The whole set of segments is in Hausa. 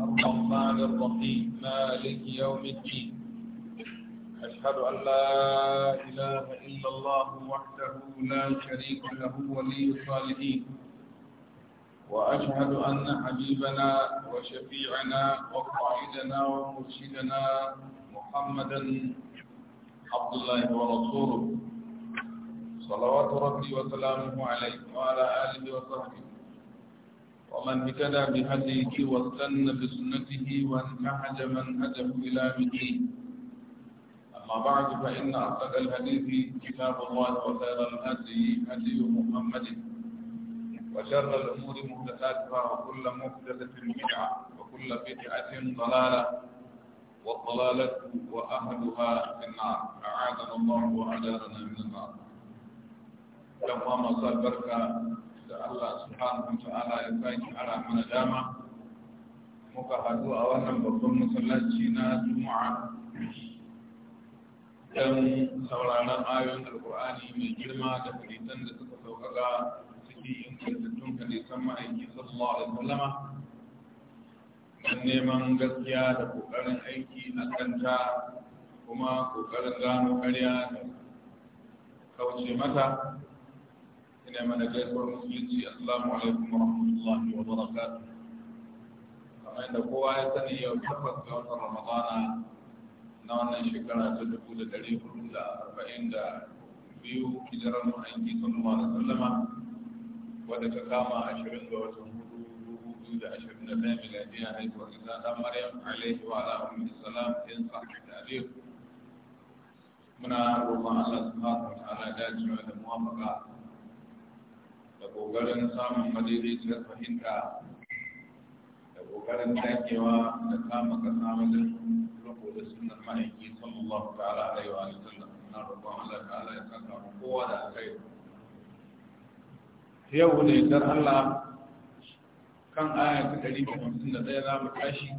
الرحمن الرحيم مالك يوم الدين أشهد أن لا إله إلا الله وحده لا شريك له ولي الصالحين وأشهد أن حبيبنا وشفيعنا وقائدنا ومرشدنا محمدا عبد الله ورسوله صلوات ربي وسلامه عليه وعلى آله وصحبه ومن اهتدى بهديه واستنى بسنته من منهجه إلى مدينه أما بعد فإن أصدق الحديث كتاب الله وخير الهدي هدي محمد وشر الأمور محدثاتها وكل محدثة بدعة وكل بدعة ضلالة والضلالة وأهلها في النار أعاذنا الله وأجارنا من النار dan kuma masu albarka da Allah subhanahu wa ta'ala ya saki ara mana dama muka haɗu a wannan babban masallaci na Juma'a dan sauraron ayoyin alkur'ani mai girma da hadisan da suka sauƙaƙa suke ingantattun hadisan ma'aiki sallallahu alaihi wasallama dan neman gaskiya da ƙoƙarin aiki a kanta kuma ƙoƙarin gano karya da kauce mata ina mana gaisuwar musulunci assalamu alaikum warahmatullahi wabarakatuh kamar yadda kowa ya sani yau tabbas ga watan ramadana na wannan shekara ta dubu da dari hudu da arba'in da biyu hijirar ma'aiki sallallahu alaihi wasallama wadda ta kama ashirin ga watan hudu dubu biyu da ashirin da ɗaya miladiya haihuwar isa ɗan maryam alaihi wa ala ummi salam in sahih ta'alif muna roƙon Allah subhanahu wa ta'ala dacewa da muwafaqa da ƙoƙarin samun madaidaiciyar fahimta da ƙoƙarin dakewa da kama ka da riko da sunan ma'aiki sallallahu ta'ala alaihi wa sallam na roƙon Allah ta'ala ya saka mu kowa da kai yau ne dar Allah kan aya ta ɗari da hamsin da ɗaya za mu tashi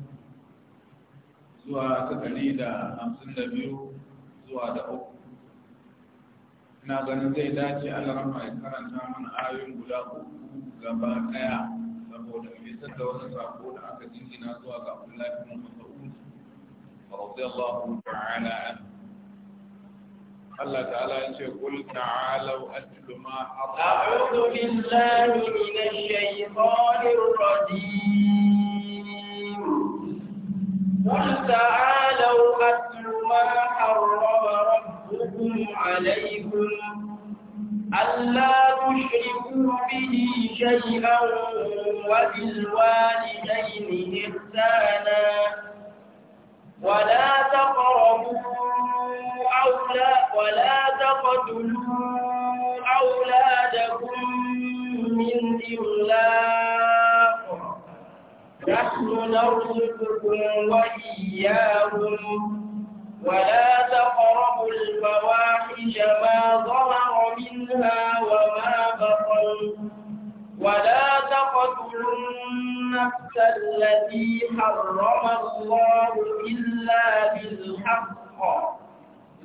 zuwa ta ɗari da hamsin da biyu zuwa da uku na ganin zai dace Allah rahma ya karanta mana ayoyin guda uku gaba daya saboda me sai da wani sako da aka jingina zuwa ga Abdullahi bin Mas'ud radiyallahu ta'ala anhu الله تعالى يقول تعالوا أتل ما حرم a'udhu billahi minash shaytanir rajim قل تعالوا أتل ما حرم ربكم أشهدكم عليكم ألا تشركوا به شيئا وبالوالدين إحسانا ولا تقربوا ولا تقتلوا أولادكم من إغلاق نحن نرزقكم وإياهم ولا تقربوا الفواحش ما ظهر منها وما بطن ولا تقتلوا النفس التي حرم الله إلا بالحق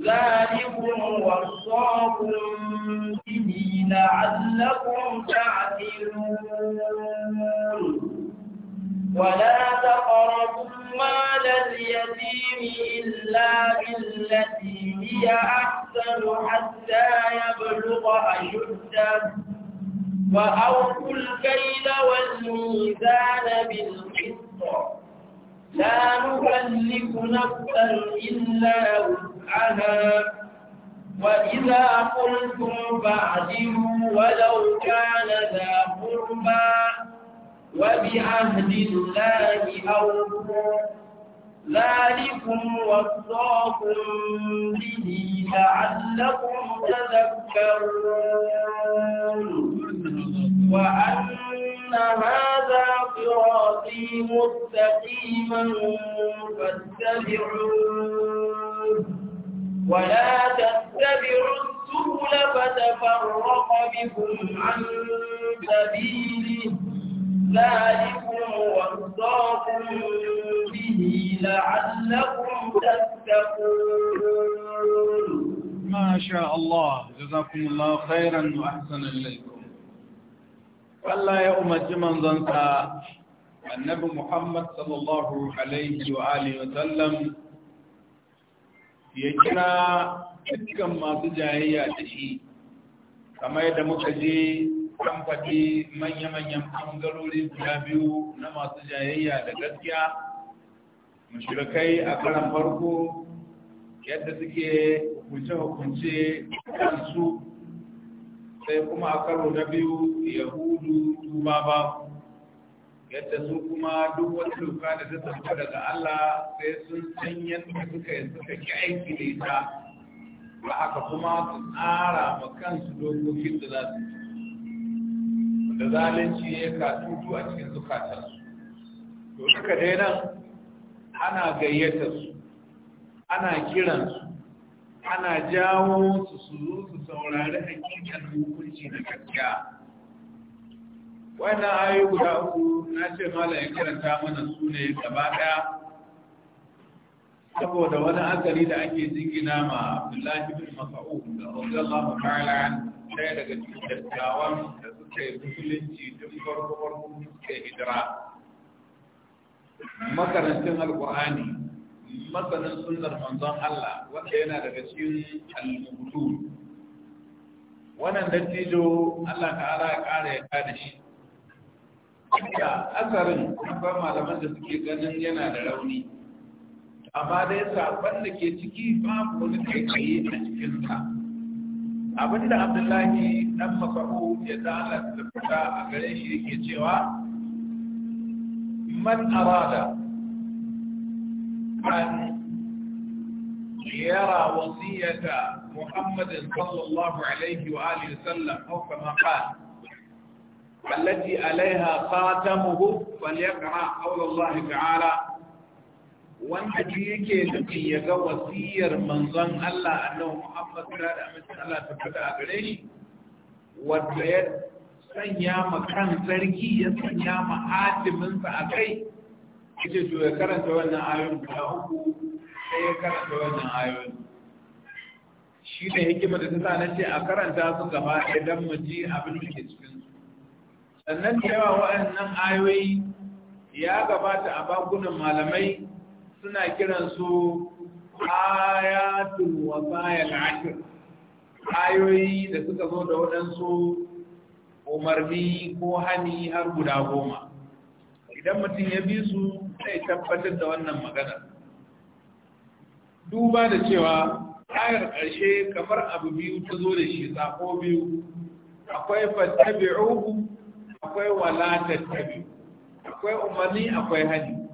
ذلكم وصاكم به لعلكم تعقلون ولا تقربوا مال اليتيم إلا بالتي هي أحسن حتى يبلغ أشده وأوفوا الكيل والميزان بالقسط لا نكلف نفسا إلا وسعها وإذا قلتم فاعدلوا ولو كان ذا قربى وبعهد الله أوفوا ذلكم وصاكم به لعلكم تذكرون وأن هذا صراطي مستقيما فاتبعوه ولا تتبعوا السبل فتفرق بكم عن سبيله ذلكم وصاكم به لعلكم تتقون ما شاء الله جزاكم الله خيرا وأحسن إليكم والله يا أمة من ظنك النبي محمد صلى الله عليه وآله وسلم ya kira dukkan masu jayayya da shi kamar yadda muka je kamfani manya-manyan ɓangarori guda biyu na masu jayayya da gaskiya mashirikai a karan farko yadda suke hukunce-hukunce kansu sai kuma a karo na biyu yahudu tuba ba yadda su kuma duk wata doka da ta tafi daga Allah sai sun can yadda suka yi suka ki aiki da ita ba haka kuma su tsara ma kansu dokokin da za su ci da zalunci ya tu a cikin zukatansu to ka dai nan ana gayyata su ana kiransu ana jawo su su zo su saurari hakikar hukunci na gaskiya wannan ayoyi guda uku na ce mala ya karanta mana su ne gaba ɗaya. saboda wani asali da ake jingina ma Abdullahi bin Masa'u da Allahu ta'ala daya daga cikin dattawan suka yi musulunci tun farko farko manzon Allah wanda yana daga cikin al wannan dattijo Allah ta'ala ya kare ya kada shi ya asarin ba malaman da suke ganin yana da rauni amma dai sabon da ke ciki babu wani kai a cikinsa abinda abdullahi dan masahu ya ta'ala da fita a gare shi yake cewa man arada an yara wasiyata muhammadin sallallahu alaihi wa alihi sallam ko kama qala التي عليها خاتمه فليقرأ قول الله تعالى wanda shi yake nufin ya ga wasiyar manzon Allah nawa Muhammad da amincin Allah a gare Wanda ya sanya ma kan sarki ya sanya ma hatiminsa a kai ita to ya karanta wannan ayoyin ba, uku sai ya karanta wannan ayoyin shi ne hikima da ta sa na ce a karanta su gaba idan mu abin da ke cikin su sannan da yawa waɗannan ayoyi ya gabata a bakunan malamai suna kiransu ayatul wasayil ashirin. ayoyi da suka zo da waɗansu umarni ko hani har guda goma idan mutum ya bi su zai tabbatar da wannan magana duba da cewa ayar ƙarshe kamar abu biyu ta zo da shi tsako biyu akwai fattabi fattabi'uhu akwai wala tabi akwai umarni akwai hani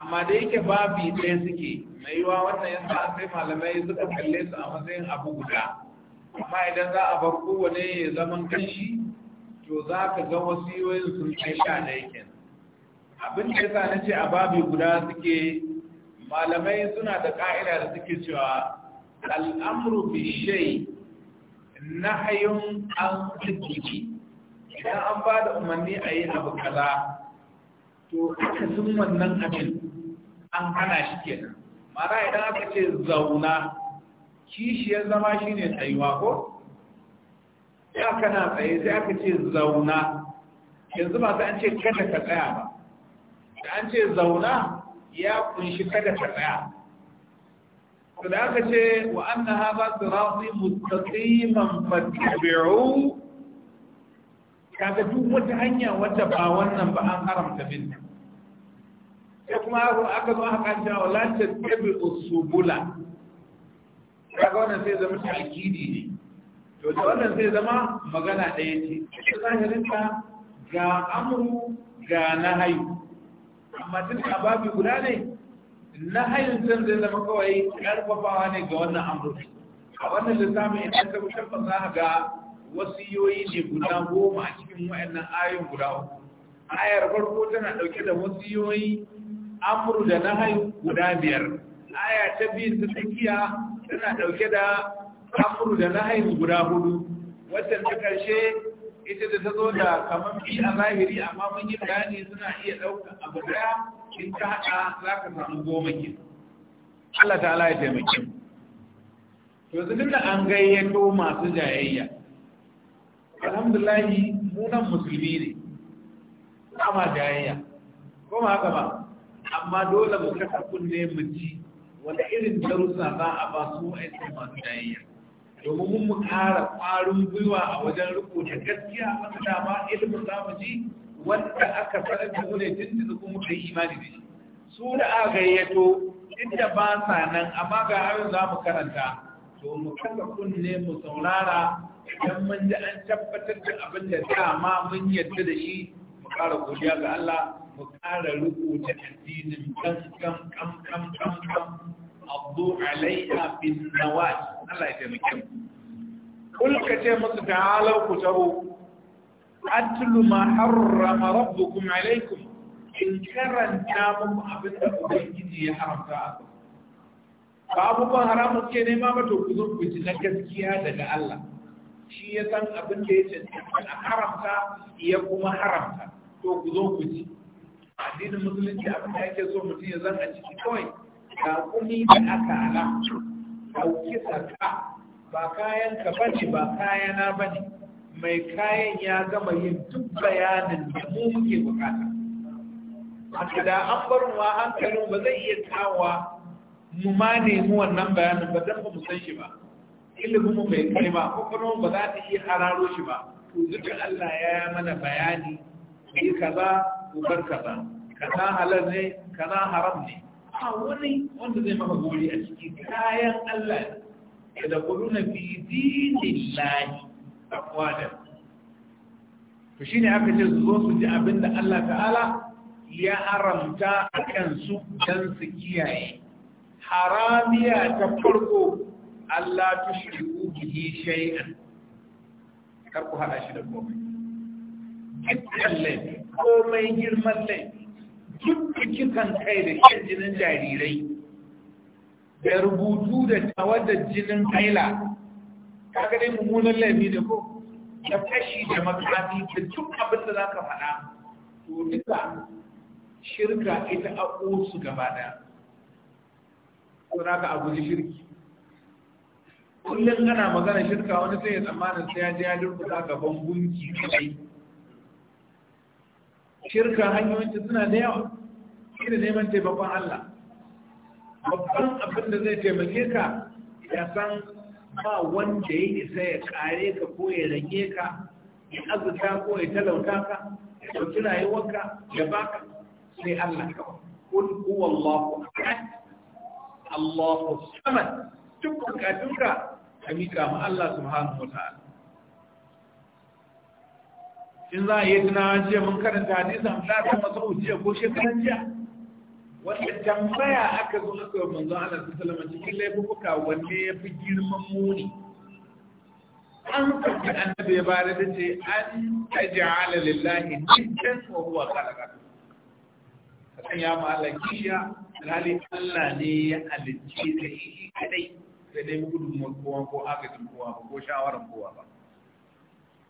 amma da yake babi ɗaya suke mai yiwa wannan yasa sai malamai suka kalle su a matsayin abu guda amma idan za a bar kowane ya zaman kanshi to za ka ga wasiyoyin sun ce sha da yake abin da ya yasa ce a babu guda suke malamai suna da ka'ida da suke cewa al'amuru bi na hayon an idan an ba da umarni a yi abu kaza to aka sun wannan abin an hana shi kenan mara idan aka ce zauna kishiyar zama shi ne tsayuwa ko? ya kana tsaye sai aka ce zauna yanzu ba an ce kada ka tsaya ba da an ce zauna ya kunshi kada ka tsaya ko da aka ce wa anna hadha sirati mustaqiman fattabi'u kaga duk wata hanya wata ba wannan ba an haramta bin sai kuma aka zo aka ce la tattabi'u subula kaga wannan sai zama ta'kidi ne to da wannan sai zama magana ɗaya ce ita zahirin ta ga amru ga nahayu amma tun da babu guda ne nahayun sun zai zama kawai karfafawa ne ga wannan amru a wannan lissafin idan ka musamman za ga wasiyoyi ne guda goma a cikin wa'annan ayoyin guda uku ayar farko tana ɗauke da wasiyoyi amru da nahayu guda biyar aya ta biyu ta tsakiya Suna ɗauke da kafuru da haihu guda hudu waccan ta karshe, ita da ta zo da kamar bi a zahiri amma mun yi bayani suna iya ɗaukar abu ɗaya in ka haɗa za ka samu goma ke Allah ta ya taimake mu to zubin da an gayyato masu jayayya alhamdulahi munan musulmi ne ba ma jayayya ko ma haka ba amma dole mu kasa kunne mu ci wanda irin darussa za a ba su wa'ansu masu jayayya domin mun mu ƙara ƙwarin gwiwa a wajen rubuta gaskiya, gaskiya wanda dama ilimin zamu ji wanda aka sanar da tun da kuma da imani da shi su da aka gayyato inda ba sa nan amma ga abin za mu karanta to mu kasa kunne mu saurara idan mun ji an tabbatar da abin da dama mun yadda da shi mu ƙara godiya ga Allah ku ƙara rubuta addinin kan kan kan kan kan kan abu alaiya bin nawaj Allah ya taimake mu kul ka ce musu halau ku taho atlu ma harrama rabbukum alaikum in karanta muku abin da ubangiji ya haramta ba abubuwan haramun ke nema ba to ku zo ku ji na gaskiya daga Allah shi ya san abin da ya cancanta a haramta ya kuma haramta to ku zo ku ji addinin musulunci abin da ake so mutum ya zan a ciki kawai ga kumi da aka ala ɗauki saka ba kayan ka ba ne, ba kayana ba ne. mai kayan ya gama yin duk bayanin da mu muke bukata haka da an bar mu hankalin ba zai iya tawa mu ma nemi wannan bayanin ba dan ba mu san shi ba ilimin mu bai kai ba kuma ba za ta iya hararo shi ba to duka Allah ya yi mana bayani yi kaza ubar kaza kana halal ne haram ne a wani wanda zai maka gori a ciki kayan Allah ne da kuluna fi dinillahi aqwala to shine aka ce su zo su ji abinda Allah ta'ala ya haramta a kansu dan su kiyaye haramiya ta farko Allah tushriku bihi shay'an kar ku hada shi da komai komai girman laifi duk kikan kai da shan jinin jarirai da rubutu da tawadar jinin kaila kaga dai mummunan laifi da ko da fashi da makami da duk abin da zaka faɗa to duka shirka ita a su gaba ɗaya ko za ka abu shirki kullum ana magana shirka wani sai ya tsammanin sai ya ji ya durkuta gaban gunki kai shirka hanyoyinta suna da yawa shi neman taimakon Allah babban abin da zai taimake ka ya san ba wanda ya isa ya kare ka ko ya rage ka ya azuta ko ya talauta ka ya ɗauki rayuwarka ya baka sai Allah kawai kun huwa Allah. ahad Allahu samad duk bukatunka ka mika ma Allah subhanahu wa ta'ala in za a yi tunawa jiya mun karanta hadisin Abdullahi ta masa jiya ko shekaran jiya wanda tambaya aka zo aka yi manzo Allah sallallahu alaihi cikin laifuka wanne ya fi girman muni an kafi annabi ya bada da ce an taj'ala lillahi niddan wa huwa khalaqa kan ya ma'ala kishiya alhali Allah ne ya halicci da shi kadai sai dai gudunmuwar kowa ko agajin kowa ba ko shawarar kowa ba.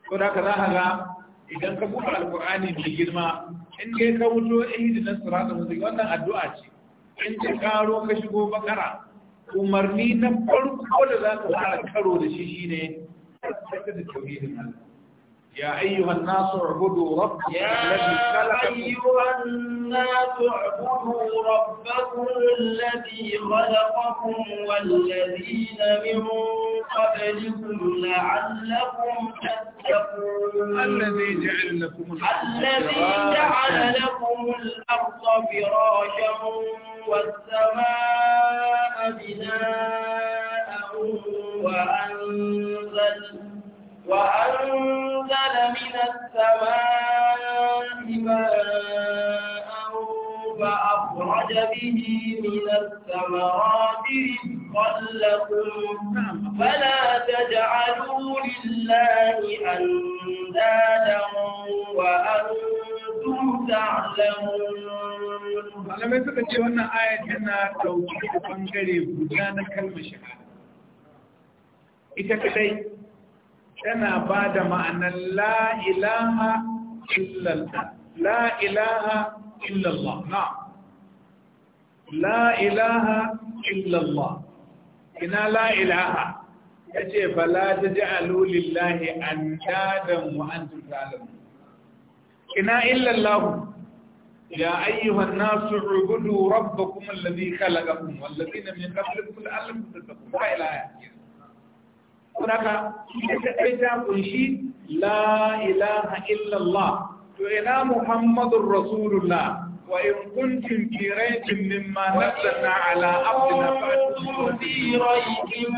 Ko da ka za ka ga idan ka buɗe alkur'ani mai girma in dai ka wuto ihdinas siratal mustaqim wannan addu'a ce in ka karo ka shigo bakara umarni na farko da za ka fara karo da shi shine tabbata da tauhidin Allah يا أيها الناس اعبدوا ربكم الذي خلقكم أيها الناس اعبدوا ربكم الذي خلقكم والذين من قبلكم لعلكم تتقون الذي جعل لكم الذي جعل لكم الأرض فراشا والسماء بناء وأنزل وأنزل من السماء ماء فأخرج به من الثمرات رزقا لكم فلا تجعلوا لله أندادا وأنتم تعلمون malamai suka ce wannan ayat tana ɗauki da ɓangare guda na kalmar shahada ita kadai tana ba da ma'anar la'ilaha illallah na la'ilaha illallah ina la'ilaha ya ce fala ta ji alulillahi an dadan wa'antun zalimu ina illallahu يا أيها الناس اعبدوا ربكم الذي خلقكم والذين من قبلكم لعلكم تتقون إلى آخره Saka shi kaɗai ta kunshi la ilaha illallah to ila Muhammadun Rasulullah wa in kuntum fi raibin mimma nazzalna ala abdina fa'tuhu fi raibin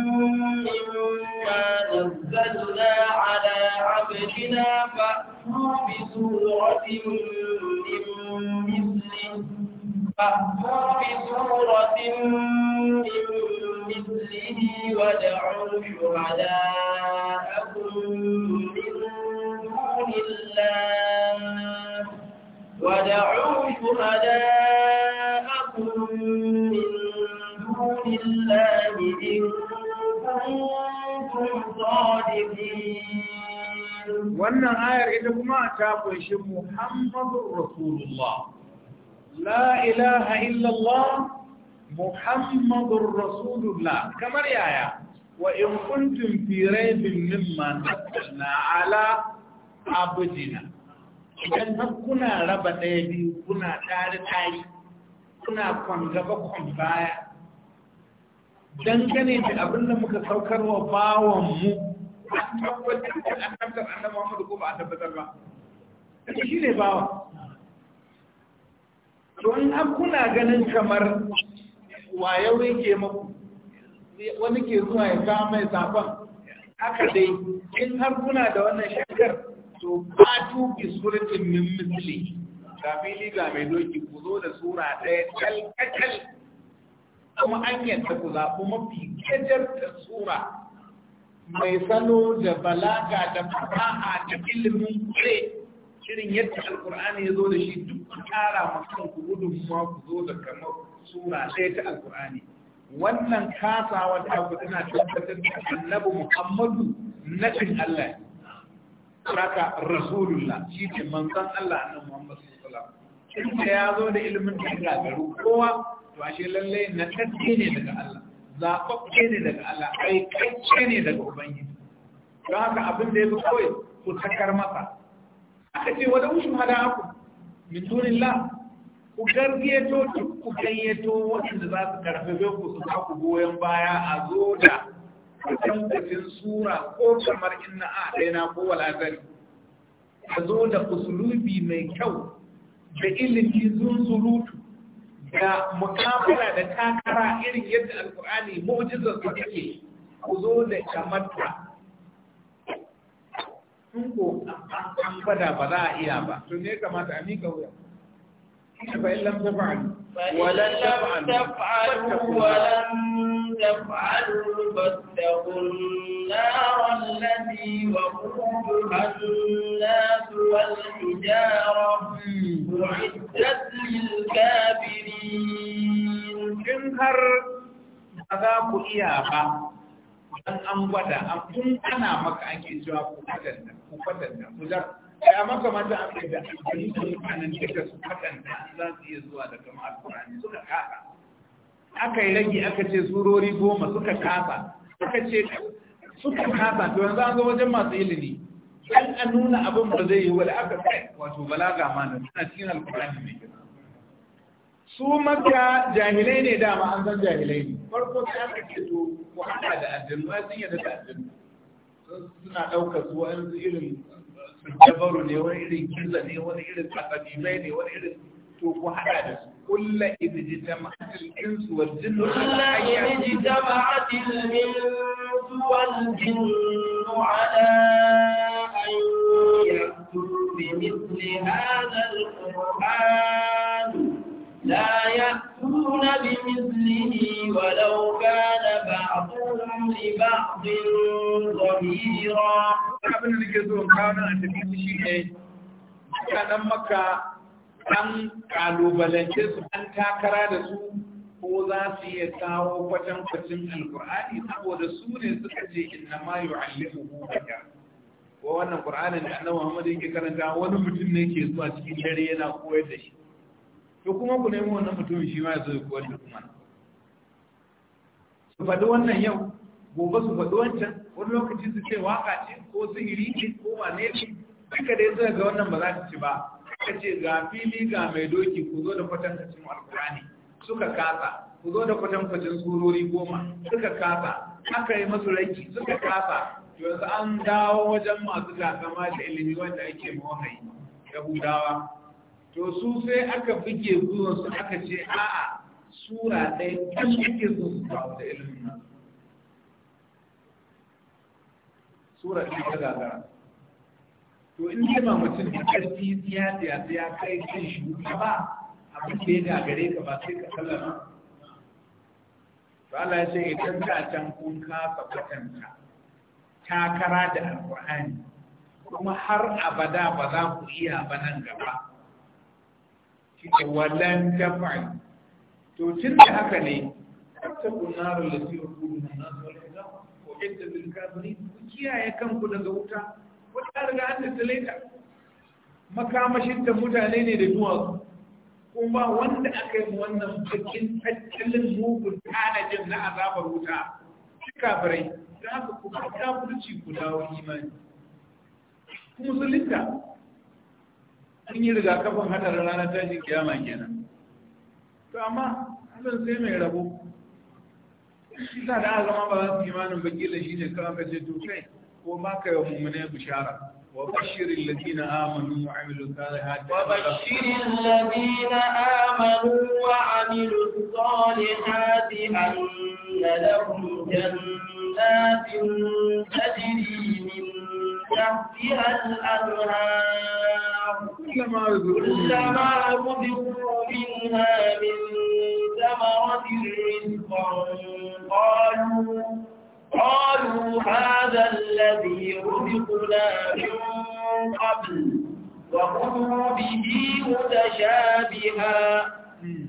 mimma nazzalna ala abdina fa'tuhu bi suratin min mislihi فاهجر بسوره من مثله وادعوا شهداءكم من دون الله ودعوا Wannan hayar ita kuma ta kunshi Muhammadu Rasulullah. la ilaha illallah muhammadur kamar yaya wa in kuntum idan kuna raba ɗaya biyu kuna tare tari kuna kwan kwan baya dangane da abin da muka saukar wa bawan mu tabbatar da ko ba a tabbatar ba shi ne to in an kuna ganin kamar wayo yake muku wani ke zuwa ya kama mai safon haka dai in har kuna da wannan shakar to batu bi suratin min misli ga fili ga mai doki ku zo da sura ɗaya kalkakal kuma an yadda ku zafi mafi gajar da sura mai salo da balaga da fasaha da ilimin kai irin yadda alkur'ani ya zo da shi duk ku ƙara ku ku ma ku zo da kamar sura ɗaya ta alkur'ani wannan kasawa wata ku tana tabbatar da annabi muhammadu nabin allah saka rasulullah shi ne manzon allah annabi muhammadu sallallahu alaihi wasallam ya zo da ilimin da ga garu kowa to ashe lallai na tsaye ne daga allah zaɓaɓɓe ne daga allah aikacce ne daga ubangiji don haka abin da ya fi kawai ku takar masa aka ce wani ushu hada aku min la ku gargeto ku gayyato waɗanda za su karfafe ku su ku goyon baya a zo da kwatankwacin sura ko kamar inna a ɗaina ko wala walazari a zo da usulubi mai kyau da ilimi zunzurutu da mukamala da takara irin yadda alkur'ani mu'jizar su take ku zo da kamata in ko an fada ba za a iya ba to ne kamata a mika wuya فإن لم تفعلوا ولن تفعلوا ولن تفعلوا فاتقوا النار التي وقودها الناس والحجارة أعدت للكافرين إن هر ba za ku iya ba dan an gwada an kun ana maka ake cewa ku kwatanta ku kwatanta ku za ai amma kamar da kai da alƙali da mutanen duka su kwatanta za su iya zuwa da kamar alƙur'ani suka kasa aka yi rage aka ce surori goma suka kasa aka ce suka kasa to yanzu an zo wajen masu ilimi dan a nuna abin ba zai yi wala aka kai wato balaga ma na cikin alƙur'ani ne su maka jahilai ne dama an san jahilai ne farko sai an kake to ku hada da addinu ai sun yadda da addinu suna ɗaukar su wani irin jabaru ne wani irin kirza ne wani irin kasabibai ne wani irin to ku hada da su kulla idji jama'atil insu wal jinnu kulla idji jama'atil insu wal jinnu ala an yaktur bi mithli hadha al qur'an لا يأتون بمثله ولو كان بعضهم لبعض ظهيرا abin da nake so kawo a tafi shi ne mutanen maka an kalubalance su an takara da su ko za su iya kawo kwatan kwacin alkur'ani saboda su ne suka ce inna ma yu'allimu hukaka ko wannan qur'anin da annabi Muhammad yake karanta wani mutum ne ke zuwa cikin dare yana koyar da shi to kuma ku nemi wannan mutumin shi ma ya zo kuwa da kuma su faɗi wannan yau gobe su faɗi wancan wani lokaci su ce waka ce ko sihiri ce ko wane ne duka dai zuwa ga wannan ba za ta ci ba suka ce ga fili ga mai doki ku zo da kwatankacin alkurani suka kasa ku zo da kwatankwacin surori goma suka kasa aka yi masu raiki suka kasa yanzu an dawo wajen masu gasa ma da ilimi wanda ake mawahayi yahudawa to su sai aka buge su aka ce a'a sura ɗaya kan ake so su kawo da ilimin nan sura ɗaya ta gagara to in ji ma mutum da ƙarfi ya ya kai kan shi ba abin da ya gagare ka ba sai ka sallama Allah ya ce idan ka can kun kasa kwatanta takara da alkur'ani kuma har abada ba za ku iya ba nan gaba shine ne walan tafa'i to tun da haka ne tattakun narar da siyo kudu na nasu wani zama ko yadda bin kafiri ku kiyaye kanku daga wuta wata riga an tattale ta makamashin da mutane ne da duwatsu kuma wanda aka yi wannan bakin tattalin mugun tanajin na azabar wuta shi kafirai don haka ku ka kafirci ku dawo imani musulunta an yi rigakafin hadarin ranar tashin kiyama kenan to amma abin sai mai rabo shi sa da aka zama ba za su imanin bakila shi ne kawai ka ce to kai ko ba ka yi mummune bishara wa الذين آمنوا وعملوا الصالحات وبشر الذين آمنوا وعملوا الصالحات كلما رزقوا منها من ثمرة رزقا قالوا قالوا هذا الذي رزقنا من قبل وخذوا به متشابها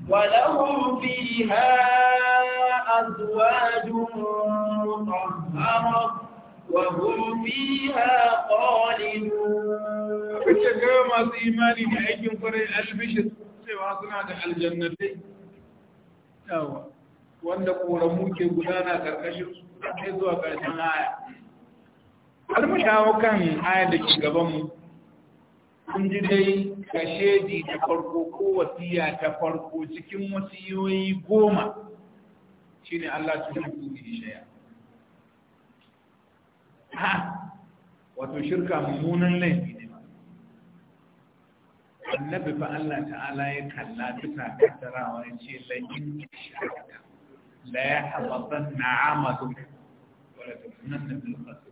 ولهم فيها أزواج مطهرة وهم فيها masu imani da aikin kwarai albishir cewa suna da aljannatai wanda koramu ke gudana karkashin su sai zuwa karshen aya har mu shawo kan aya da ke gaban mu kun ji dai kashedi ta farko ko wasiya ta farko cikin wasiyoyi goma shine Allah ta yi shaya ha wato shirka mummunan laifi ne annabi fa Allah ta'ala ya kalla duka kaddarawa ya ce la in shirka la ya habatan na amadu wala tukunan na bilkhasu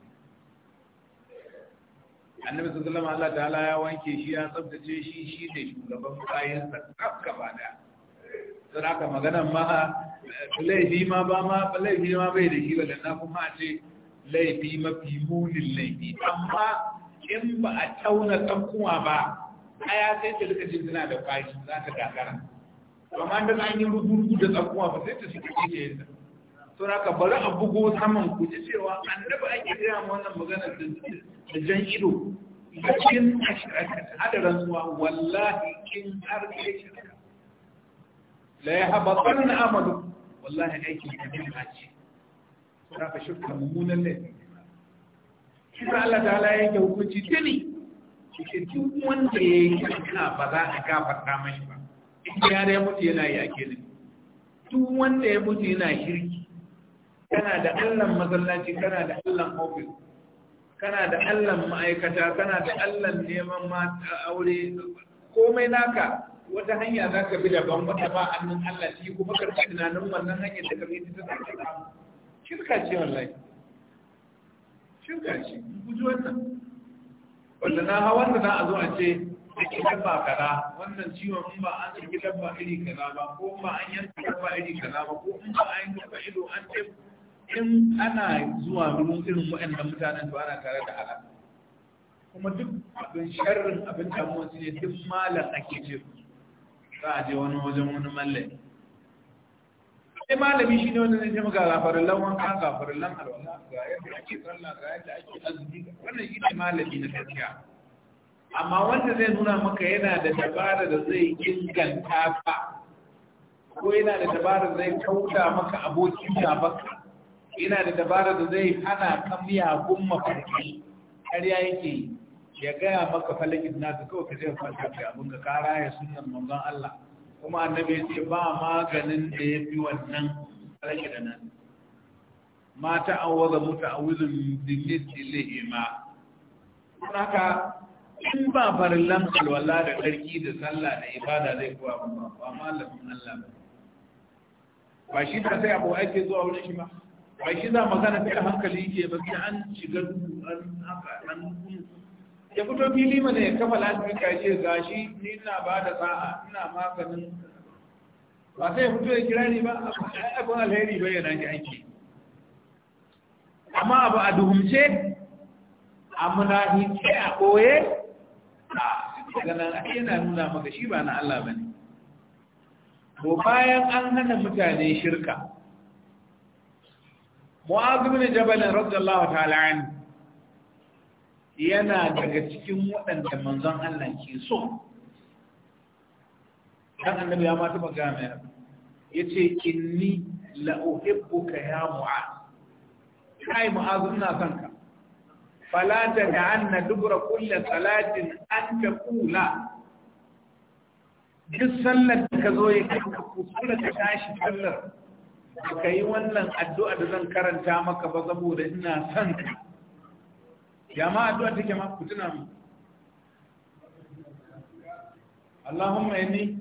annabi sallallahu alaihi Allah ta'ala ya wanke shi ya tsabtace shi shi ne shugaban bayan sa kaf gaba da don haka maganan ma laifi ma ba ma laifi ma bai da shi balle na kuma a ce laifi mafi munin laifi amma in ba a tauna tsankuwa ba ya sai ta duka jin da kwashi za ta gagara amma da an yi rubutu da tsankuwa ba sai ta shi kake yin ta to ka bari a bugo saman ku ji cewa annabi ake gaya ma wannan magana da jan ido cikin adaran zuwa wallahi in har ke shirka la ya haɓa tsarin amalu wallahi aikin da ba, haci za ka shirka mummunan laifi kisa Allah ta halaye da hukunci tuni ke duk wanda ya yi shirka ba za a gafarta mashi ba in yara ya mutu yana yake ne duk wanda ya mutu yana shirki kana da allan masallaci kana da allan ofis kana da allan ma'aikata kana da allan neman mata aure komai naka wata hanya za ka bi daban wata ba annan allah shi kuma karfi tunanin wannan hanyar da ka bi ta samu shirka ce wallahi shirka ce guji wannan wanda na hawa wanda na a zo a ce ake dabba kaza wannan ciwon in ba an saki dabba iri kaza ba ko in ba an yanka dabba iri kaza ba ko in ba an yanka ido an ce in ana zuwa wurin irin waɗannan mutanen to ana tare da halaka kuma duk abin sharrin abin damuwa ne duk malam ake ce za a je wani wajen wani mallaki sai malami shi ne wanda zai ce maka gafarillan wanka gafarillan alwala ga yadda ake tsalla ga yadda ake azumi wannan shi ne malami na gaskiya amma wanda zai nuna maka yana da dabara da zai inganta ka ko yana da dabara da zai kauta maka abokin baka yana da dabara da zai hana ka miyagun mafarki ƙarya yake ya gaya maka falakin nasu kawai ka zai farka kai abin ka kara ya sunan manzon Allah kuma annabi ya ce ba maganin da ya fi wannan rage da nan Mata ma a wuzin bi lehima don haka in ba farin farillan alwala da tsarki da sallah da ibada zai kuwa ba ba ma lafin Allah ba ba shi da sai abu ake zuwa wurin shi ba ba shi za magana fiye hankali ke ba sai an shiga an haka an kunsu ya fito fili mana ya kafa lantarki, ya ce gashi ni ina ba da sa'a ina maganin ba sai ya fito ya kira ni ba abin alheri bayyana shi aiki amma abu a duhumce a munafice a ɓoye a ganin a yana nuna maka shi ba na Allah ba ne ko bayan an hana mutane shirka mu'azu ne jabalin radiyallahu ta'ala anhu yana daga cikin waɗanda manzon Allah ke so dan annabi ya mata magana ya ce inni la'uhibbuka ya mu'az kai mu'az ina son ka fala ta da'anna dubra kulli salatin an kula. duk sallar da ka zo ya kai ka kusa ka tashi sallar ka yi wannan addu'a da zan karanta maka ba saboda ina son ka ya ma addu'a take ma ku tuna mu Allahumma inni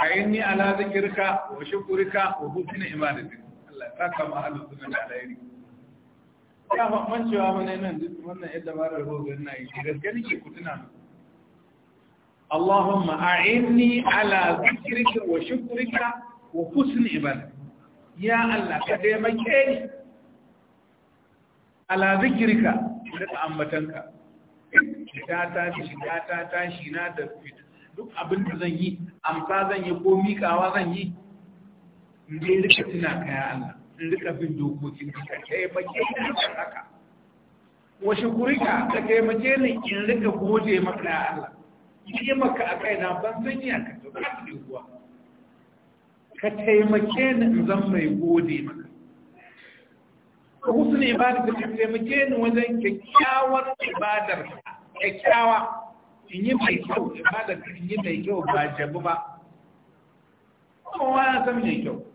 a'inni ala zikirka wa shukurika wa husni ibadatika Allah ya saka mu su sunna da alheri ya fa man cewa mun nan wannan yadda ba da ga na yi gaskiya nake ku tuna mu Allahumma inni ala zikirka wa shukurika wa husni ibadatika ya Allah ka taimake ni ala zikirka da ambatanka ta ta shi ta tashi na da duk abin da zan yi amsa zan yi ko mikawa zan yi in dai rika tuna kaya Allah in rika bin dokokin ka taimake ni da haka wa shukurika ka taimake ni in rika gode maka ya Allah yi maka a kaina ban san iya ka to ka ka taimake ni in zan mai gode maka ka husnul da ka taimake ni wajen kyakkyawar ibadar kyakkyawa in yi mai kyau ibadar ka in yi mai kyau ba jabu ba Kuma wa ya san mai kyau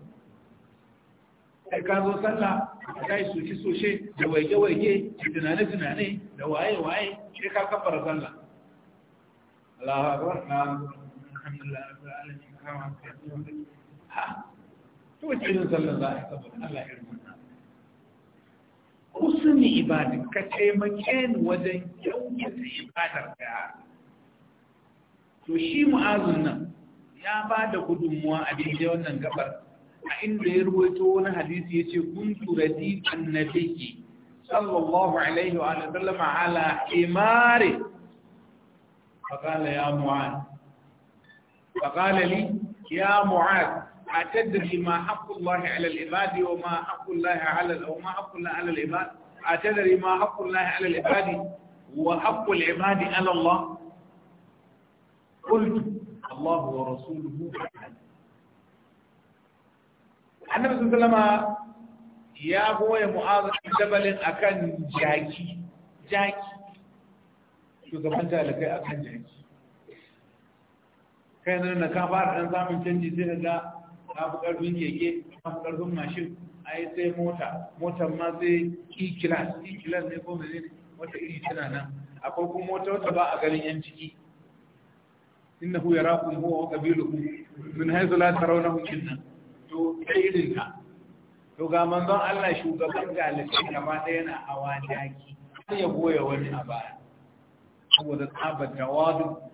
Ai ka zo sallah ka kai soke soke da waige waige da tunane tunane da waye waye sai ka kafa sallah Allahu akbar na alhamdulillah rabbil alamin kama ha to ce sallah za ka kafa Allah ya rubuta husni ibadin ka taimake ni wajen kyautata ibadar ka to shi mu'azun nan ya ba da gudunmuwa a daidai wannan gabar a inda ya rubuta wani hadisi ya ce kuntu radifan nabiyyi sallallahu alaihi wa sallam ala imari ya mu'az fa فقال li ya mu'az أتدري ما حق الله على العباد وما حق الله على أو ما حق الله على العباد أتدري ما حق الله على العباد وحق العباد على الله قلت الله ورسوله أعلم النبي صلى الله عليه وسلم هو يا معاذ جبل أكن جاكي جاكي شو talakai akan jaki kai nan كان ka fara dan samun canji ta fi ƙarfin keke ta fi ƙarfin mashin yi sai mota motar ma sai e-class e-class ne ko mene ne wata iri tana nan akwai kuma mota wata ba a ganin yan ciki innahu kun huwa wa qabiluhu min haythu la hukin nan. to sai irin ka to ga manzon Allah shugaban galibi gaba ɗaya na hawa daki sai ya goya wani a baya saboda tsabar tawadu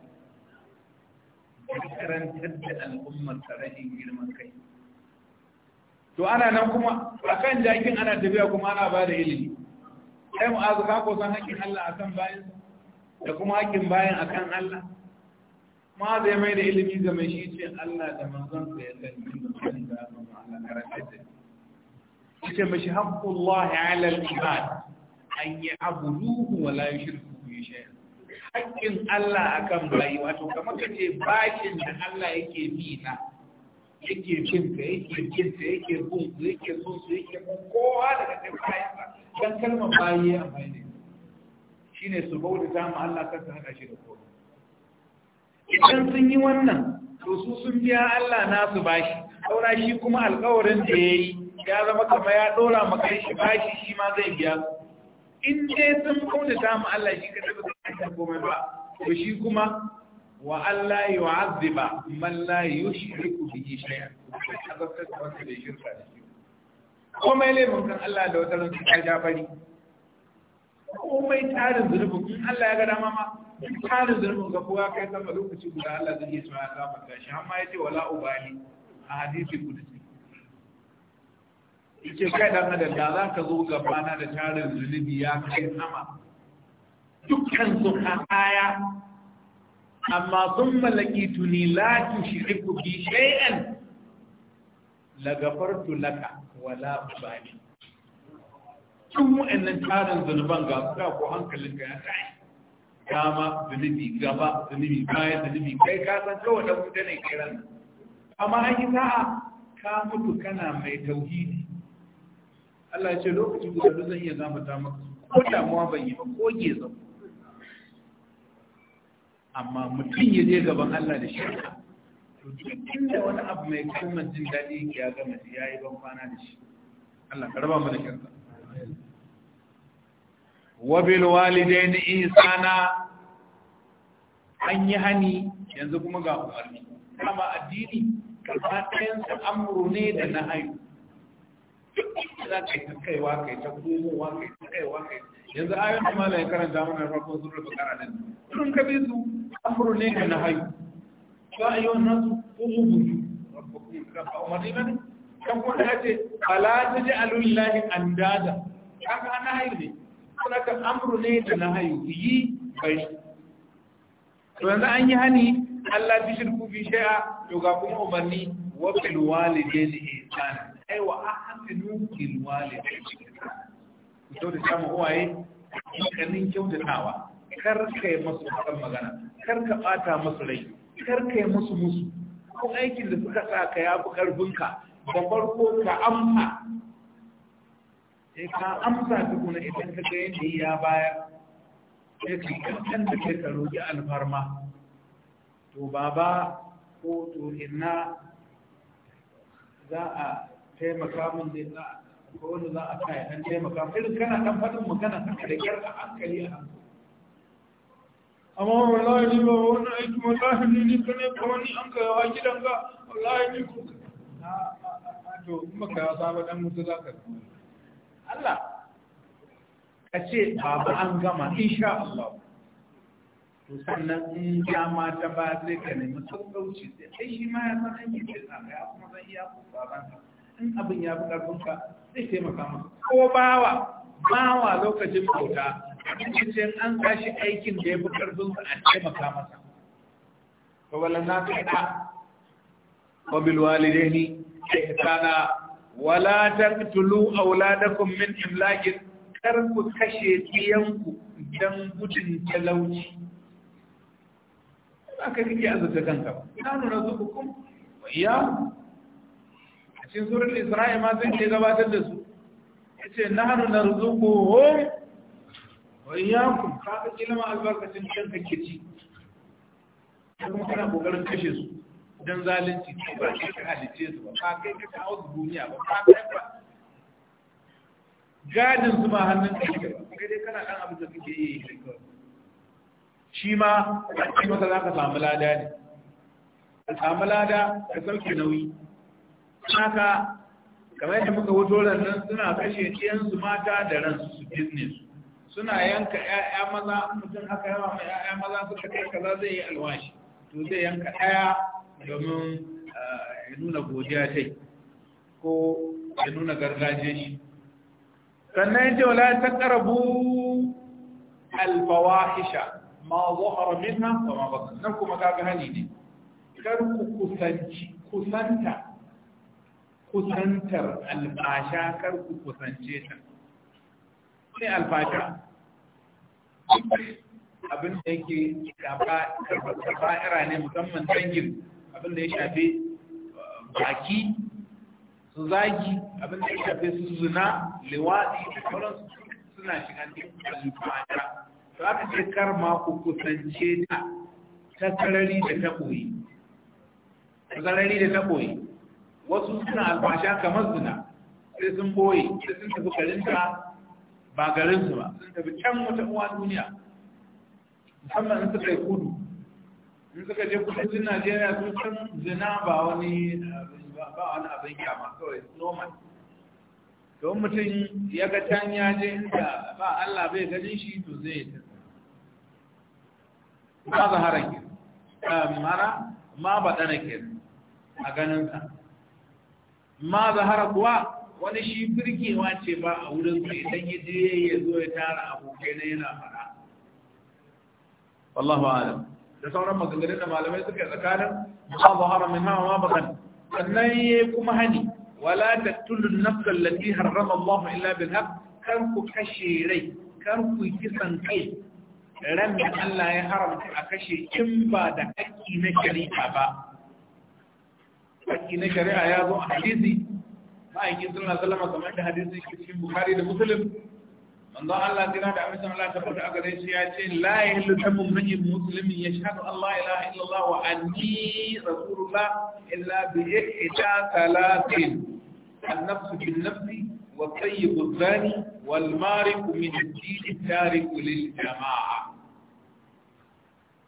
karantar da al'ummar rashin girman kai to ana nan kuma a kan jakin ana tafiya kuma ana ba da ilimi sai mu mu'azu ka san haƙƙin Allah akan bayan da kuma haƙƙin bayan akan Allah mu'azu ya mai da ilimi ga mai shi ce Allah da manzon sa ya sani da sani da Allah karantar da shi ce mashi haqqullahi 'ala al-ibad an ya'buduhu wa la yushriku hakkin Allah akan bayi wato kamar ka ce bashin da Allah yake bi na yake bin ka yake bin ka yake bin ka yake so su yake bin kowa daga cikin bayan ka dan kalmar bayi a Shi ne su bauta ta mu Allah kansa haka shi da kowa idan sun yi wannan to su sun biya Allah nasu bashi saura shi kuma alƙawarin da ya yi ya zama kama ya ɗora maka shi bashi shi ma zai biya su in dai sun kauna ta mu Allah shi ka ba zai san komai ba to shi kuma wa Allah yu'azziba man la yushriku bihi shay'an azabta ta wanda bai shirka da shi komai laifin kan Allah da wata ranci ta ja bari komai tarin zulubin in Allah ya ga dama ma tarin zulubin ga kowa kai sama lokaci guda Allah zai iya cewa ya kama shi amma yace wala ubali a hadisi kudusi yace kai dan adam da za ka zo gabana da tarin zunubi ya kai sama dukkan su kaya amma sun malaki tuni la tushriku bi shay'an la ghafartu laka wala ubali tun wa'annan tarin zunuban ga ka ko hankalin ka ya tashi dama zunubi gaba zunubi bayan zunubi kai ka san kawai dan mutane kiran amma an yi sa'a ka mutu kana mai tauhidi Allah ya ce lokaci guda duk zan iya gafarta maka ko damuwa ban yi ba ko ke zan amma mutum ya je gaban Allah da shi to duk inda wani abu mai kalmar jin daɗi yake ya gama da ya yi ban kwana da shi Allah ka raba mana shirka wa bil walidaini ihsana an yi hani yanzu kuma ga umarni kama addini gaba ɗayan su amuru ne da na haihu. duk inda za ka yi ta kaiwa ka yi ta komowa ka yi ta kaiwa ka yi yanzu ayon da malam ya karanta mana farkon surar bakara din sun ka bi su amuru ne da nahayu ya ayyuhan nasu ubudu rabbukum rabba umarni bane kan kuma ya ce ala taj'alu lillahi andada na nahayu ne kuma ka amuru ne da nahayu yi bai. to yanzu an yi hani Allah bishirku bi shay'a to ga kuma umarni wa bil walidaini ihsana ai wa ahsinu lil da ku da ma waye kanin kyautatawa kar yi masu kan magana kar ka bata masu rai kar yi musu musu ko aikin da suka sa ka yafi karfinka da farko ka amsa sai ka amsa kuna idan ka ga yadda ya bayar sai ka kankan da kai ka roƙi alfarma to baba ko to inna za a taimaka min dai za a ko wani za a sa ya dan taimaka irin kana dan faɗin magana haka da kyar a hankali a hankali amma wallahi ni ba wani aiki wallahi ni ni kane ba wani an ka yawa gidan ga wallahi ni ku to in baka yawa sabo dan mutu za ka Allah ka ce baba an gama insha Allah to sannan in dama ta ba zai ka nemi sassauci sai shi ma ya san aiki da ya kuma zan iya ku baban ka in abin ya fi ƙarfinka zai taimaka masa ko bawa bawa lokacin bauta cikin an gashi aikin da ya fi ƙarfinsa a taimaka masa to wala na kai da wa bil walidaini ihsana wala taqtulu auladakum min imlakin kar ku kashe ɗiyanku don gudun talauci ba ka kike azurta kanka ba na nuna zuku kuma ya cikin surul isra'i ma sun ke gabatar da su yace nahnu narzuquhum wa iyyakum ka ilma albarkatin dan kake ci kuma kana kokarin kashe su dan zalunci ce ba ke ka halice su ba Ka kai ka kawo su duniya ba ka kai ba gadin su ma hannun ka ba kai dai kana dan abin da kake yi shi kawai shi ma a cikin za ka samu lada ne ka samu lada ka sauke nauyi haka kamar yadda muka wuto nan suna kashe ɗiyansu mata da ransu su su suna yanka ‘ya'ya maza mutum haka yawa mai ‘ya'ya maza suka kai kaza zai yi alwashi to zai yanka ɗaya domin eh, ya nuna godiya tai ko ya nuna gargajiya shi sannan yadda wala ta karabu alfawahisha ma zuhara minha wa ma bakar nan kuma ga hani ne kar ku kusanci kusanta kusantar albasha kar ku kusance ta ne alfasha abin da yake ira ne musamman dangin abin da ya shafe uh, baki su zagi abin da ya shafe su zuna liwaɗi da su suna shiga ne alfasha to aka ce kar ma ku kusance ta ta sarari da ta koyi sarari da ta wasu suna alfasha kamar zina sai sun boye sai sun tafi garinta ba garin su ba sun tafi can wata uwa duniya musamman in suka yi kudu in suka je kudancin najeriya sun can zina ba wani ba wani abin kyama kawai normal don mutum ya ga can ya je inda ba allah bai ganin shi to zai yi ba zaharar ke mara ma ba ɗana ke a ganin ka. ma zahara kuwa wani shi birgewa ce ba a wurin su idan ya je ya zo ya tara abokai na yana fara wallahu alam da sauran maganganun da malamai suka tsakanin ma zahara min hawa ma bakan sannan ya kuma hani wala da nafsa allati harrama Allah illa bil kar ku kashe rai kar ku kisan kai ran da Allah ya haramta a kashe in ba da aiki na shari'a ba haƙƙi na shari'a ya zo a hadisi ma'aikin sallallahu alaihi wasallam kamar da hadisi ke cikin bukhari da muslim manzon Allah jira da amincin Allah ta fada ga dai ya ce la yahillu tamun min muslimin yashhadu Allah ilaha illallah wa anni rasulullah illa bi ihda thalathin an-nafs bin nafsi wa tayyib az-zani wal mariq min ad-din at-tariq lil jama'a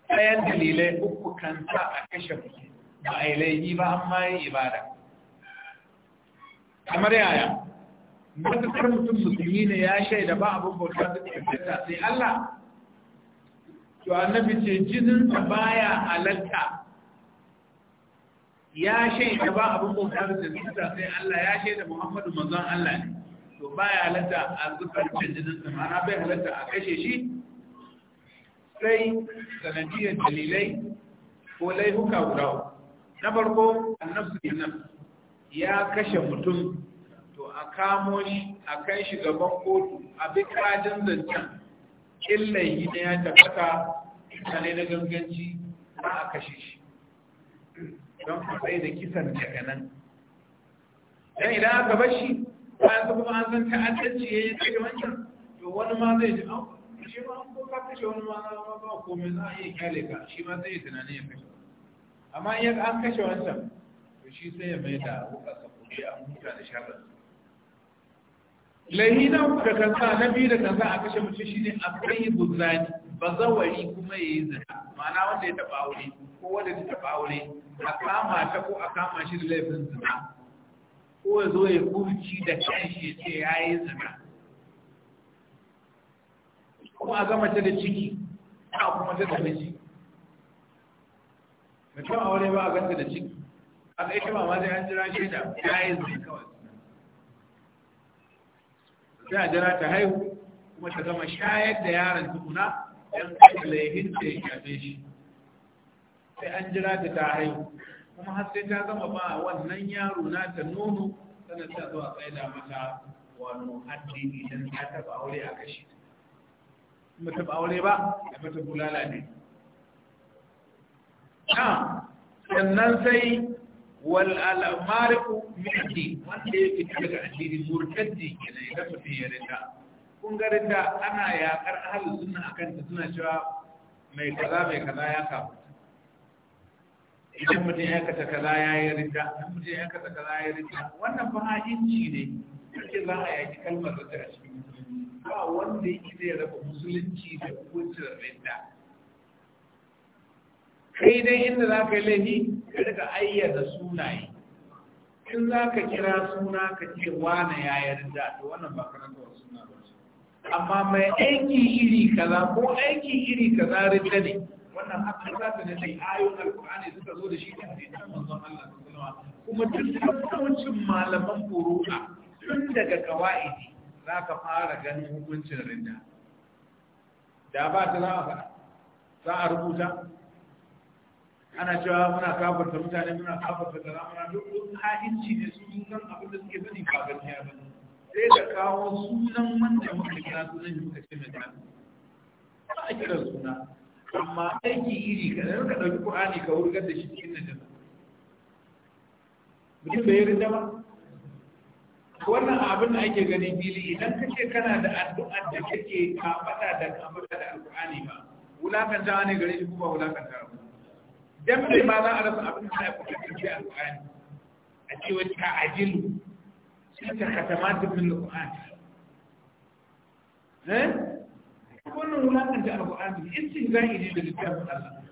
ayan dalilai uku kan sa a kashe mutum ba a yi laifi ba amma yi ibada kamar yaya matakar mutum musulmi ne ya shaida ba abin bauta da kyautata sai Allah to annabi ce jinin sa baya halatta ya shaida ba abin bauta da kyautata sai Allah ya shaida Muhammadu manzon Allah ne to baya halatta a zubar da jinin sa mana bai halatta a kashe shi sai sanadiyar dalilai ko laifuka guda uku na farko annabsu nan ya kashe mutum to a kamo shi a kai shi gaban kotu a bi kajin zancen illai yi na ya tabbata ne na ganganci ba a kashe shi don kwatsai da kisan daga nan dan idan aka bar shi bayan kuma an san ta'addanci ya yi tsaye wancan to wani ma zai ji an shi ma ko ka kashe wani ma ba komai za a iya kyale ka shi ma zai yi tunanin ya kashe amma in an kashe wancan to shi sai ya mai da wukarsa kuɗi a huta da sharar lahi na uku da kansa na biyu da kansa a kashe mutum shi ne a kai buzani bazawari kuma ya yi zina ma'ana wanda ya taɓa aure ko wanda ya taɓa aure a kama ta ko a kama shi da laifin zina ko ya zo ya kurci da kanshi shi ce ya yi zina kuma a gama ta da ciki a kuma ta da miji mutum aure ba a ganta da ciki a aka ita ba ma an jira shaida ya yi zai kawai sai a jira ta haihu kuma ta gama shayar da yaron tukuna yan kalahin da ya shafe shi sai an jira ta ta haihu kuma har sai ta gama ba wannan yaro na ta nono sannan ta zuwa da mata wani haddi idan ta taba aure a kashi Mata ba aure ba ya mata bulala ne sannan sai wal al'amariku mindi wanda ya fita daga addini murtaddi kenan ya mutum ya rinda kun ga rinda ana yakar ahlus suna akan ta suna cewa mai kaza mai kaza ya kafu idan mutum ya kata kaza ya yi rinda idan mutum ya kata kaza ya yi rinda wannan fa ha'inci ne kake za a yaki kalmar da a cikin musulunci ba wanda yake zai raba musulunci da hukuncin rinda kai dai inda za ka yi laifi ka daga ayyana sunaye in za ka kira suna ka ce wane ya yarda to wannan ba da wasu suna ba amma mai aiki iri kaza ko aiki iri kaza rinda ne wannan haka za ta nufi ayoyin alkur'ani suka zo da shi da hadisan manzon Allah sallallahu kuma duk hukuncin malaman furu'a tun daga kawaidi za ka fara ganin hukuncin rinda da ba ta za a rubuta ana cewa muna kafarta mutane muna kafarta da muna duk wani ha'inci ne su sun san abin da suke sani ba gaskiya ba sai da kawo sunan wanda muka kira sunan yi muka ce mai tafi ba a kira suna amma aiki iri ka zai ka ɗauki ƙur'ani ka wurgar da shi cikin najasa mutum bai rinda ba wannan abin da ake gani fili idan kake kana da addu'a da kake kafada da ka da alƙur'ani ba wulakanta ne gare shi kuma wulakanta ba dan me ma za a rasa abin da ya kuka cikin alqur'ani a ce wani ta ajilu sai ta katamatun min alqur'ani eh wannan wulakan da alqur'ani in cin zai ne da littafin Allah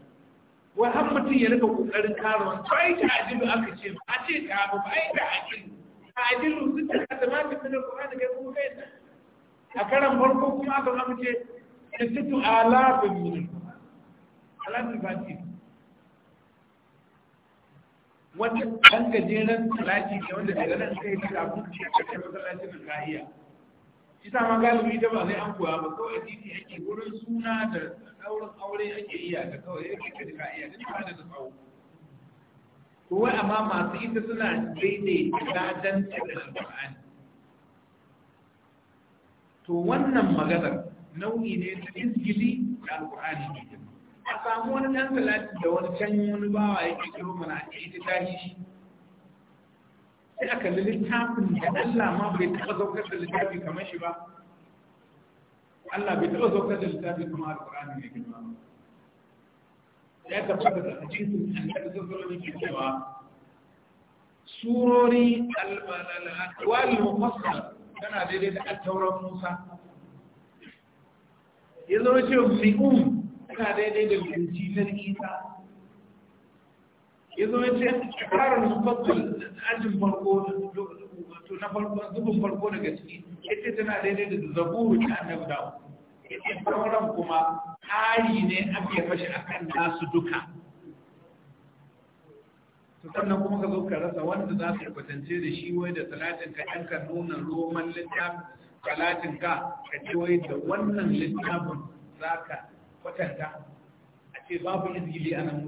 wa har mutum ya rika kokarin kare wani to ai ta ajilu aka ce ba a ce ta ba ai ta ajilu ta ajilu sun ta katamatun min alqur'ani kai kuma kai a karan farko kuma aka amince da situ alafin min alqur'ani alafin ba ce wata ɗan gajeren salati ne wanda daga nan sai ta abun ce ta kai masallacin da ka iya ita ma galibi ita ba sai an koya ba kawai titi ake wurin suna da sauran aure ake iya da kawai yake ka da ka da ba da tsawo to wai amma masu ita suna daidai gadan da alƙur'ani to wannan maganar nau'i ne ta izgili da alƙur'ani ne a samu wani ɗan salati da wani can wani bawa ya kiro mana a ita ta shi sai a kalli littafin da Allah ma bai taɓa zaukar da littafi kamar shi ba Allah bai taɓa zaukar da littafi kamar alƙur'ani ne girma ya tafi da hadisin annabi sallallahu alaihi wasallam cewa surori al-alwal mufassal tana daidai da at-taurat Musa yazo cewa mi'um suna daidai da binci na isa ya zo yace shekarar mufassal ajin farko to na farko zubin farko daga ciki ce tana daidai da zaburu ta annabi ya ce sauran kuma ƙari ne ake fashi kan nasu duka to sannan kuma ka zo ka rasa wanda za ka kwatance da shi wai da salatin ka ɗan ka nuna roman littafin salatin ka ka ce wai da wannan littafin za ka kwatanta a ce babu izgili a nan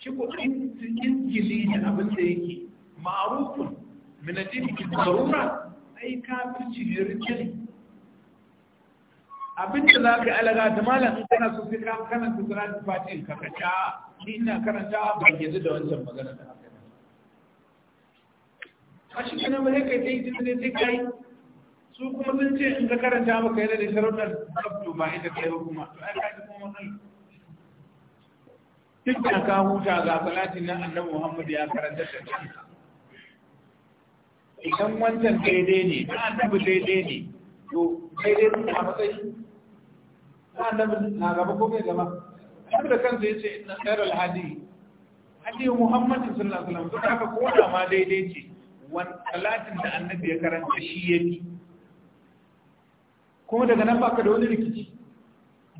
shi ko izgili ne abin da yake ma'arufun min addini bil darura ai kafirci ne rikili abin da za ka alaga da malam in kana so sai ka karanta salatul fatin, ka kaca ni ina karanta ban yanzu da wancan magana da haka. a shi kana ba kai dai dai dai kai su kuma sun ce in ka karanta maka yana da sharuɗar tsabtu ba ita kai ba kuma to ai ka ji kuma matsala duk da ka huta ga salatin nan annabi Muhammad ya karanta da kansa idan wancan daidai ne na annabi daidai ne to daidai ne a matsayi na annabi na gaba ko bai gaba annabi da kansa ya ce inna khairal alhadi hadi Muhammad sallallahu alaihi wasallam duk haka ko da ma daidai ce wannan salatin da annabi ya karanta shi yake kuma daga nan baka da wani rikici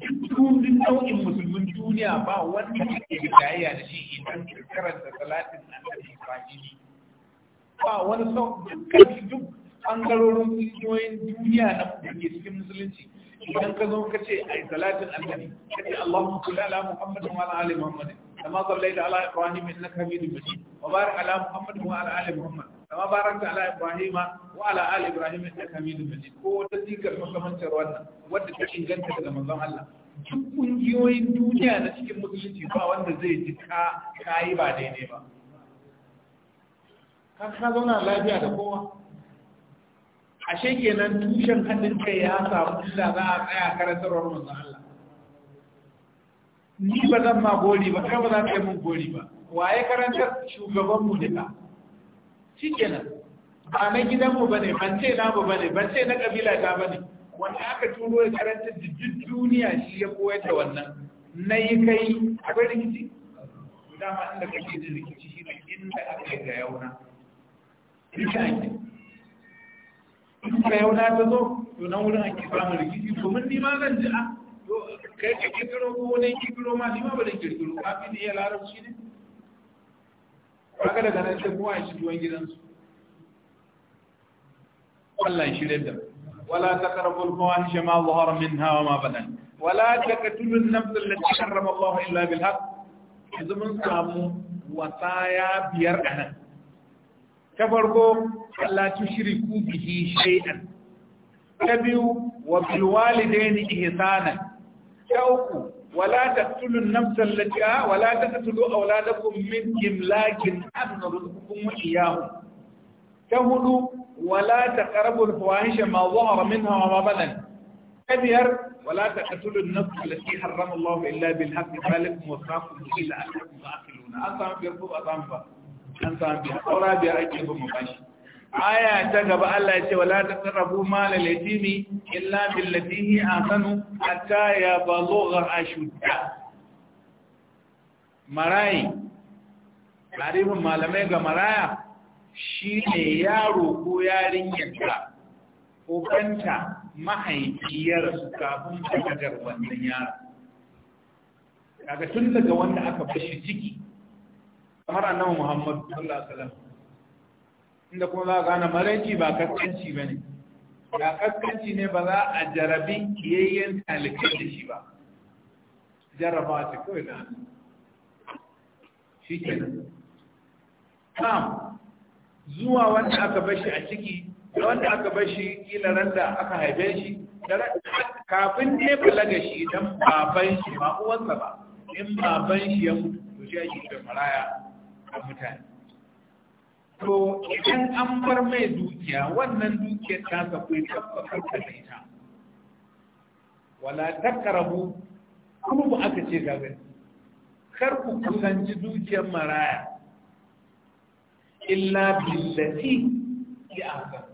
dukkan nau'in musulmin duniya ba wani ke da gayya da shi idan karanta salatin annabi Ibrahim ba wani sau duk bangarorin kungiyoyin duniya na ke cikin musulunci idan ka zo ka ce ai salatin annabi ka ce Allahumma kulli ala Muhammadin wa ala ali Muhammad kama sallaita ala Ibrahim innaka Hamidum Majid wa barik ala Muhammadin wa ala ali Muhammad kama baraka ala ibrahima wa ala ali ibrahim ta kamilu majid ko wata zikar makamancin wannan wanda ta inganta daga manzon Allah duk kungiyoyin duniya na cikin musulunci ba wanda zai ji ka kayi ba daidai ba ka ka zauna lafiya da kowa ashe kenan tushen hannun kai ya samu inda za a tsaya karantarwar manzon Allah ni ba zan ma gori ba kai ba za ka yi mun gori ba waye karantar shugaban mu ka? Cikina ba na gidanmu ba ne ban ce namu ba ne ban ce na kabila ta ba ne wanda aka turo ya karanta da duniya shi ya koyar da wannan na yi kai akwai rikici dama inda kake da rikici shi ne inda aka ga yauna rikici ake yau na ta zo to nan wurin ake samun rikici to ni ma zan ji a ah, kai ka kirkiro ko wani kirkiro ma ni ma ba da kirkiro ba fi ne ya larabci ne kaga daga nan sai kuma a shi tuwon gidansu Allah ya shirye da wala taqrabul fawahisha ma zahara min hawa ma badan wala taqtulun nafs allati harrama Allah illa bil haqq yanzu mun samu wasaya biyar anan ta farko Allah tu shiriku bihi shay'an ta biyu wa bil walidaini ihsana ta uku ولا تقتلوا النفس التي آه، ولا تقتلوا أولادكم من املاك أن رزقكم واياهم تهدوا ولا تقربوا الفواحش ما ظهر منها وما بطن كبير ولا تقتلوا النفس التي حرم الله إلا بالحق ذلكم وصاكم إلى أنكم تأكلون أنتم بيرفض أنتم أنتم بيرفض أولا بيرفض مباشر aya ta gaba Allah ya ce wala taqrabu malal yatimi illa billati hi ahsanu hatta yablugha ashudda marayi tarifin malamai ga maraya shine yaro ko yarinyar da ko kanta mahaifiyar su kafin tagagar wannan yaro kaga tun daga wanda aka bashi ciki kamar annabi Muhammad sallallahu alaihi wasallam inda kuma za a gane maraici ba kaskanci ba ne ba kaskanci ne ba za a jarabi kiyayyen talikai da shi ba jaraba ta kawai da shi ke nan zuwa wanda aka bashi a ciki da wanda aka bashi kila randa aka haife shi kafin ne balaga shi idan baban shi ba uwansa ba in baban shi ya mutu to shi ake da maraya a mutane to idan an bar mai dukiya wannan dukiyar ta ka kai tabbatar da ita wala takarabu kuma ba aka ce ga gani kar ku kusanci dukiyar maraya illa billati ya aka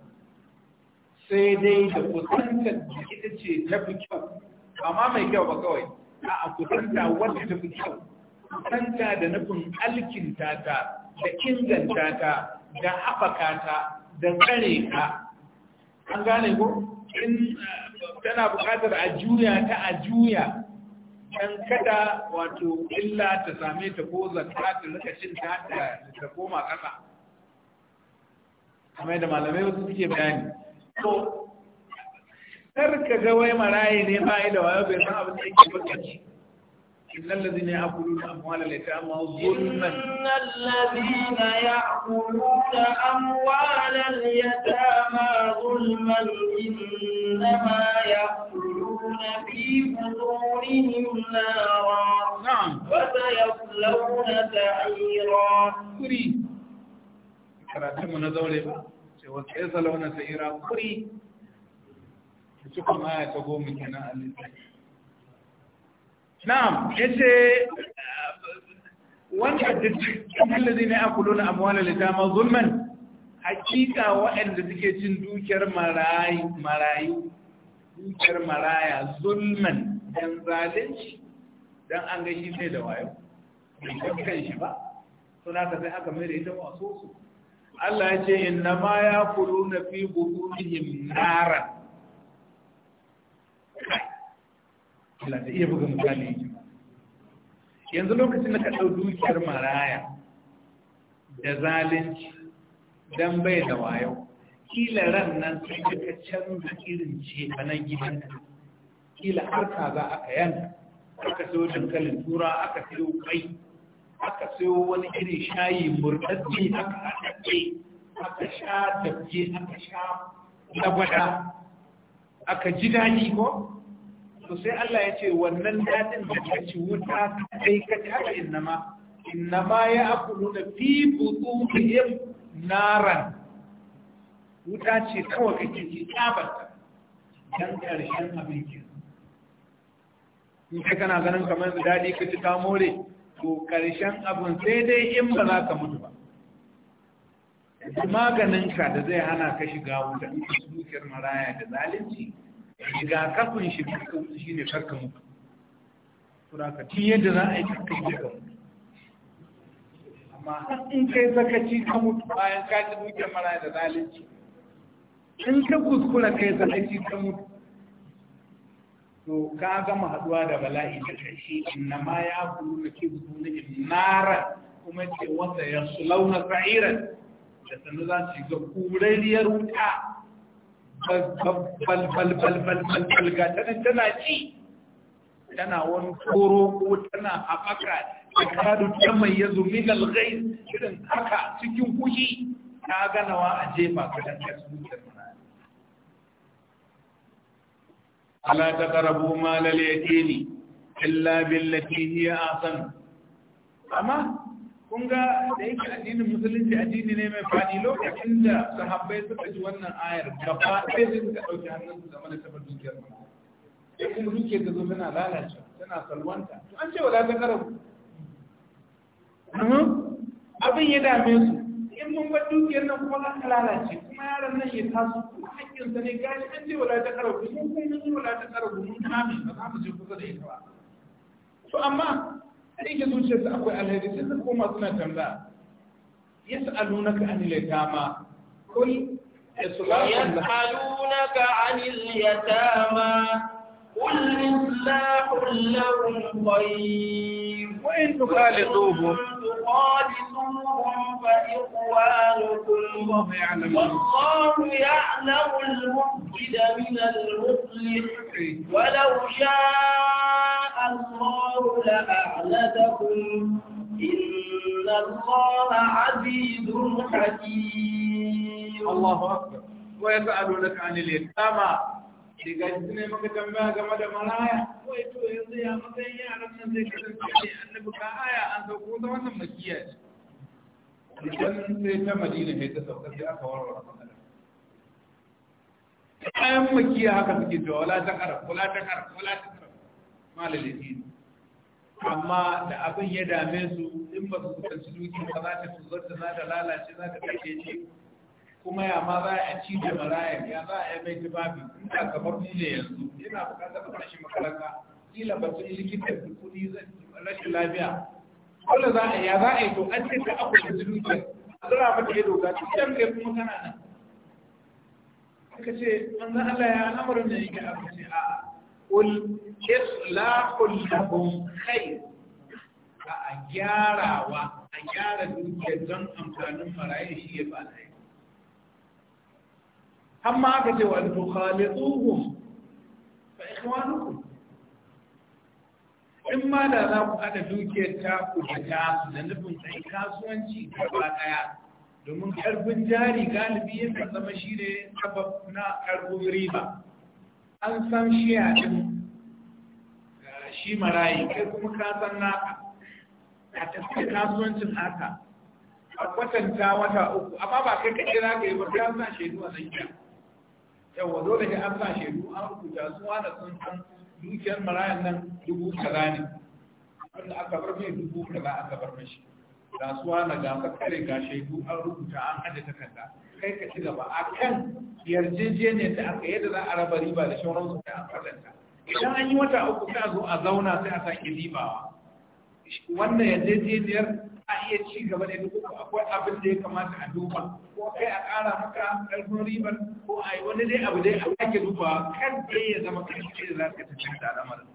sai dai da kusanta da ita ce ta fi kyau amma mai kyau ba kawai a kusanta wadda ta fi kyau kusanta da nufin alkinta ta da inganta ta da afaka ta da tsare ka an gane ko in eh, tana buƙatar a juya ta a juya dan kada wato illa ta same ta ko zakka ta lokacin ta ta koma ƙasa kamar da malamai wasu suke bayani to kar ka ga wai marayi ne ba da wayo bai san abin da yake bakaci إن الذين يأكلون أموال اليتامى ظلما إن الذين يأكلون أموال اليتامى ظلما إنما يأكلون في بطونهم نارا نعم وسيصلون سعيرا كري كراتم نزولي وسيصلون سعيرا كري شكرا ما يتقوم من هنا na'am yace wanda duk allazi ne akuluna amwala litama zulman hakika waɗanda suke cin dukiyar marayu dukiyar maraya zulman dan zalunci dan an ga shi sai da wayo bai kan shi ba suna ka sai aka mai ita wasu su Allah ya ce inna ma ya kuluna fi butunihim naran yana da iya buga misali yanzu lokacin da ka ɗau dukiyar maraya da zalunci don bai da wayo kila ran nan sai ka canza irin ce a nan gidanka kila harka za aka yanka aka sayo dankalin tura aka sayo kai aka sayo wani irin shayi murɗaɗɗe aka haɗaɗɗe aka sha dabje aka sha labada aka ji daɗi ko to sai Allah ya ce wannan daɗin da ka ci wuta kai ka ci haka innama innama ya aku da fi biyar naran wuta ce kawai kake ci tabar don ƙarshen abin ki in kai kana ganin kamar daɗi ka ci tamore to ƙarshen abin sai dai in ba za ka mutu ba maganinka da zai hana ka shiga wuta dukiyar maraya da zalunci rigakafin shi duka wuce shi ne karka mutu turakatun yadda za a yi karka mutu amma in kai zakaci ka mutu bayan ka ci mara da zalici in ka kuskura kai zakaci ka mutu to ka gama haduwa da bala'i da kashi inna ma ya kuru na ke kibu na nara kuma ce wata ya sulauna sa'iran da sannu za su shiga kurariyar wuta balbalbalbalbalbal ga tanin tana ci tana wani koro ko tana haɓaka da ta mai ya zumi lalgai haka cikin kushi ta nawa a jefa ka dan ka zuciyar Kunga da yake addinin musulunci addini ne mai faɗi lokacin da sahabbai suka ji wannan ayar gaba ɗaya sai suka ɗauki hannun su zama da taɓa dukiyar sai kuma dukiyar ta zo tana lalace tana salwanta to an ce wala ta karabu abin ya dame su in mun bar dukiyar nan kuma za ta lalace kuma yaron nan ya taso kuma sa ne gashi an ce wala ta karabu mun kuma mun yi wala ta karabu mun kame ba za mu je kusa da ita ba to amma da yake zuciyarsa akwai alheri sai su koma suna tambaya yas'alunaka anil yatama qul ka anil yatama قل إصلاح لهم خير وإن تخالطوهم تخالطوهم فإخوانكم والله يعلم المفسد من المصلح ولو شاء الله لأعنتكم إن الله عزيز حكيم الله أكبر ويسألونك عن اليتامى daga shi ne maka tambaya game da maraya wai to yanzu ya matsayin yaran nan zai kasance ne annabi ka aya an sauko ta wannan makiya ce idan sai ta madina sai ta sauka sai aka warware matsala ayan makiya haka suke cewa wala ta kara wala ta kara wala ta kara malalaci amma da abin ya dame su in ba su kusanci duki ba za ta tuzar da za ta lalace za ta kashe ce kuma ya ma za a ci da maraya ya za a yi mai tufafi ina kamar ni ne yanzu yana bukatar rashin makaranta kila batun likitan kuɗi rashin lafiya wanda za a ya za a yi to an ce ta aku da zurfin zura mata ya doka cikin kai kuma kana nan aka ce an zan Allah ya al'amarin da yake aka ce a kul islahul lahum khair a gyarawa a gyara dukiyar don amfanin marayin shi ya ba amma aka ce wa antu khaliquhum fa ikhwanukum in ma da za ku haɗa dukiyar ta ku da nufin sai kasuwanci gaba ɗaya domin karfin jari galibi ya zama shi ne na karfin riba an san shi a ɗin shi marayi kai kuma ka san naka a tafiya kasuwancin haka a kwatanta wata uku amma ba kai kaɗai za ka yi ba ka san shaidu a nan yawa dole ne an sa shaidu an rubuta su wani sun san dukiyar marayan nan dubu kaza ne wanda aka bar mai dubu kaza aka bar mashi ga su wani ga kare ga shaidu an rubuta an hada kanta kai ka ci gaba a kan yarjejeniyar da aka yadda za a raba riba da su da an farlanta idan an yi wata uku sai a zo a zauna sai a sake libawa wannan yarjejeniyar a iya ci gaba da duk akwai abin da ya kamata a duba ko kai a ƙara maka ƙarfin ribar ko a yi wani dai abu dai a ake duba kan da ya zama ƙarfi da za ka tafi da al'amarin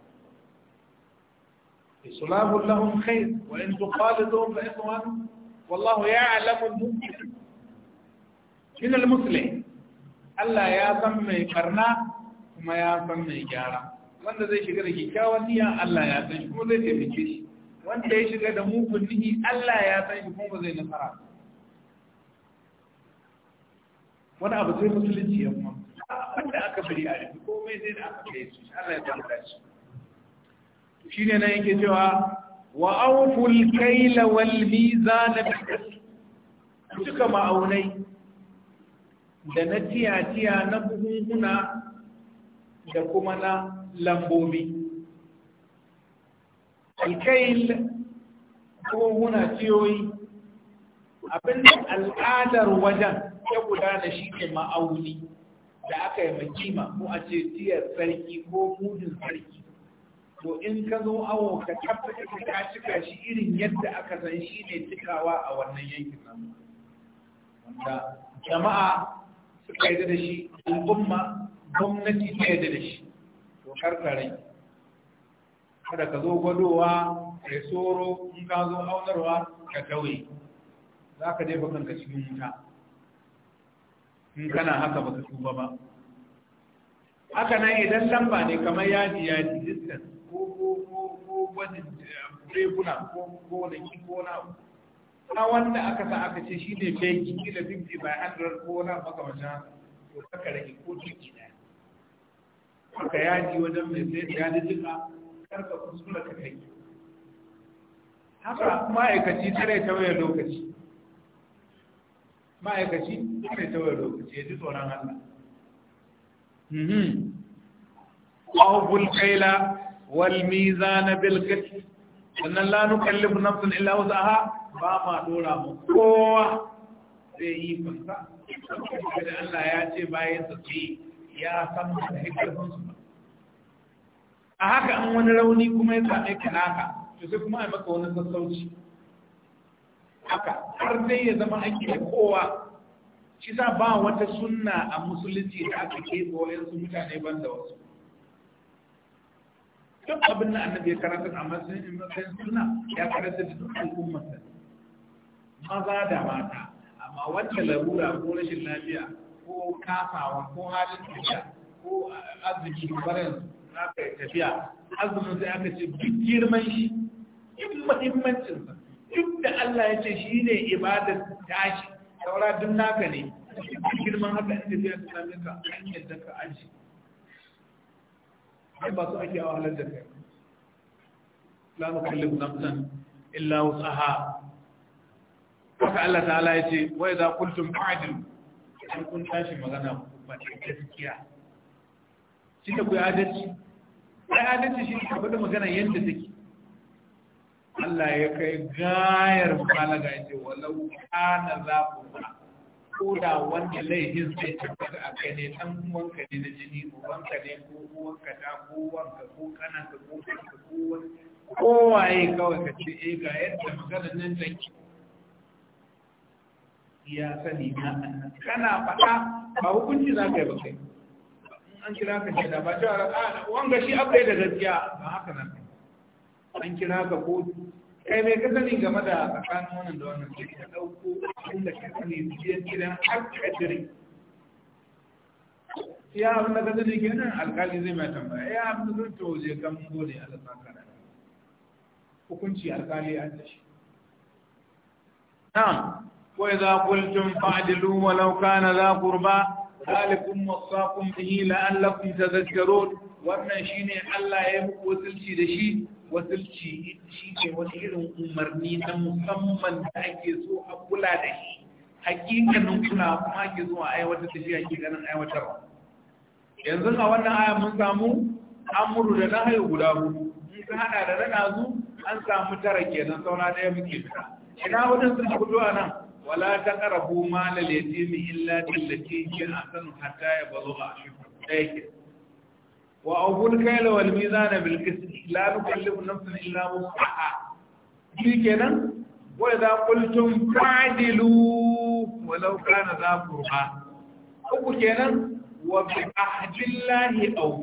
إصلاح لهم خير وإن Wallahu فإخوان والله يعلم الممكن من Allah ya san mai karna kuma ya san mai gyara wanda zai shiga da kyakkyawan niyya Allah ya san kuma zai tafi shi wanda ya shiga da mugun nihi Allah ya san shi kuma zai nasara wani abu sai musulunci ya kuma wanda aka bari a rufe komai zai da aka kai su Allah ya san dace shi ne nan yake cewa wa awful kayla wal mizan bil cika ma'aunai da na tiya tiya na buhunhuna da kuma na lambobi alkail abubuwan ciyoyi abinda al'adar wajen ya gudana shi ne ma'auni da aka yi makima ko a ce tiyar sarki ko mudin sarki to in ka zo awo ka tabbata ka cika shi irin yadda aka san shi ne cikawa a wannan yankin nan wanda jama'a suka yi da shi al'umma gwamnati ta yi da shi to karkarai kada ka zo gwadowa yi tsoro in ka zo aunarwa ka kawai za ka bakan kanka cikin wuta in kana haka ba ka tuba ba haka nan idan lamba ne kamar yadi yadi distance ko ko ko ko wani eh, rebuna ko ko na ki ko na ta wanda aka sa aka ce shi ne beki da 50 bai hadirar ko na makamacin to kaka rage ko ciki daya haka yaji wajen mai sai ji jika karka kuskura ka kai haka ma'aikaci tare ta waya lokaci ma'aikaci tare ta waya lokaci ya ji tsoron Allah mhm. awbul kaila wal mizana na qist sannan la nukallifu nafsan illa wus'aha ba ma dora mu kowa zai yi fasa da Allah ya ce bayan su ya san da hikarfin su a haka an wani rauni kuma ya same ka naka to sai kuma a maka wani sassauci haka har dai ya zama ake da kowa shi sa ba wata sunna a musulunci da aka keɓe wa'yansu mutane ban da wasu duk abin da annabi ya karanta a matsayin suna ya karanta da duk al'ummar da maza da mata amma wacce larura ko rashin lafiya ko kasawa ko halin tafiya ko arziki barin za ka yi tafiya azumin sai aka ce duk girman shi duk mahimmancinsa duk da Allah ya ce shi ne ibadar tashi saura duk naka ne girman haka in tafiya ta sami ka hanyar da ka aji. shi ai ba su ake a wahalar da kai la mukallifu nafsan illa wusaha haka Allah ta'ala ya ce wa idza qultum fa'dilu in kun tashi magana ku faɗi gaskiya shi ne ku adalci ai adalci shi ne faɗi magana yadda take Allah ya kai gayar balaga ya ce walau kana za ku ba ko da wanda laifin zai tabbata a kai ne dan wanka ne na jini ko wanka ne ko wanka da ko wanka ko kana ka ko ka ko wani kawai ka ce eh ga yadda maganar nan take ya sani na kana faɗa ba hukunci za ka yi ba kai an kira ka shaida ba cewa ah, wanga shi abai da gaskiya ba haka nan an kira ka ko kai mai kasani game da tsakanin wannan da wannan sai ka dauko abin da ka sani biyan gidan alƙadiri ya abin da kasani ke nan alƙali zai mai tambaya ya abin da zai tauje kan gode Allah sa hukunci alƙali an da shi na'am wa idza qultum fa'dilu walau kana za qurba ذلكم وصاكم به لعلكم تذكرون wannan ne Allah ya muku wasilci da shi wasilci shi ne wani irin umarni na musamman da ake so a kula da shi hakikanin kula kuma ake so a aiwatar da shi ganin aiwatarwa yanzu a wannan aya mun samu amuru da na nahayu guda hudu in ka hada da na nazu an samu tara kenan saura ɗaya muke fita ina wajen sun fito a nan wala taqrabu mal al-yatim illa billati hiya ahsanu hatta yablugha ashuddahu dayake wa awful kayla wal mizana bil qist la nukallifu nafsan illa wus'aha shikenan wa idha qultum uku kenan wa bi ahdillahi aw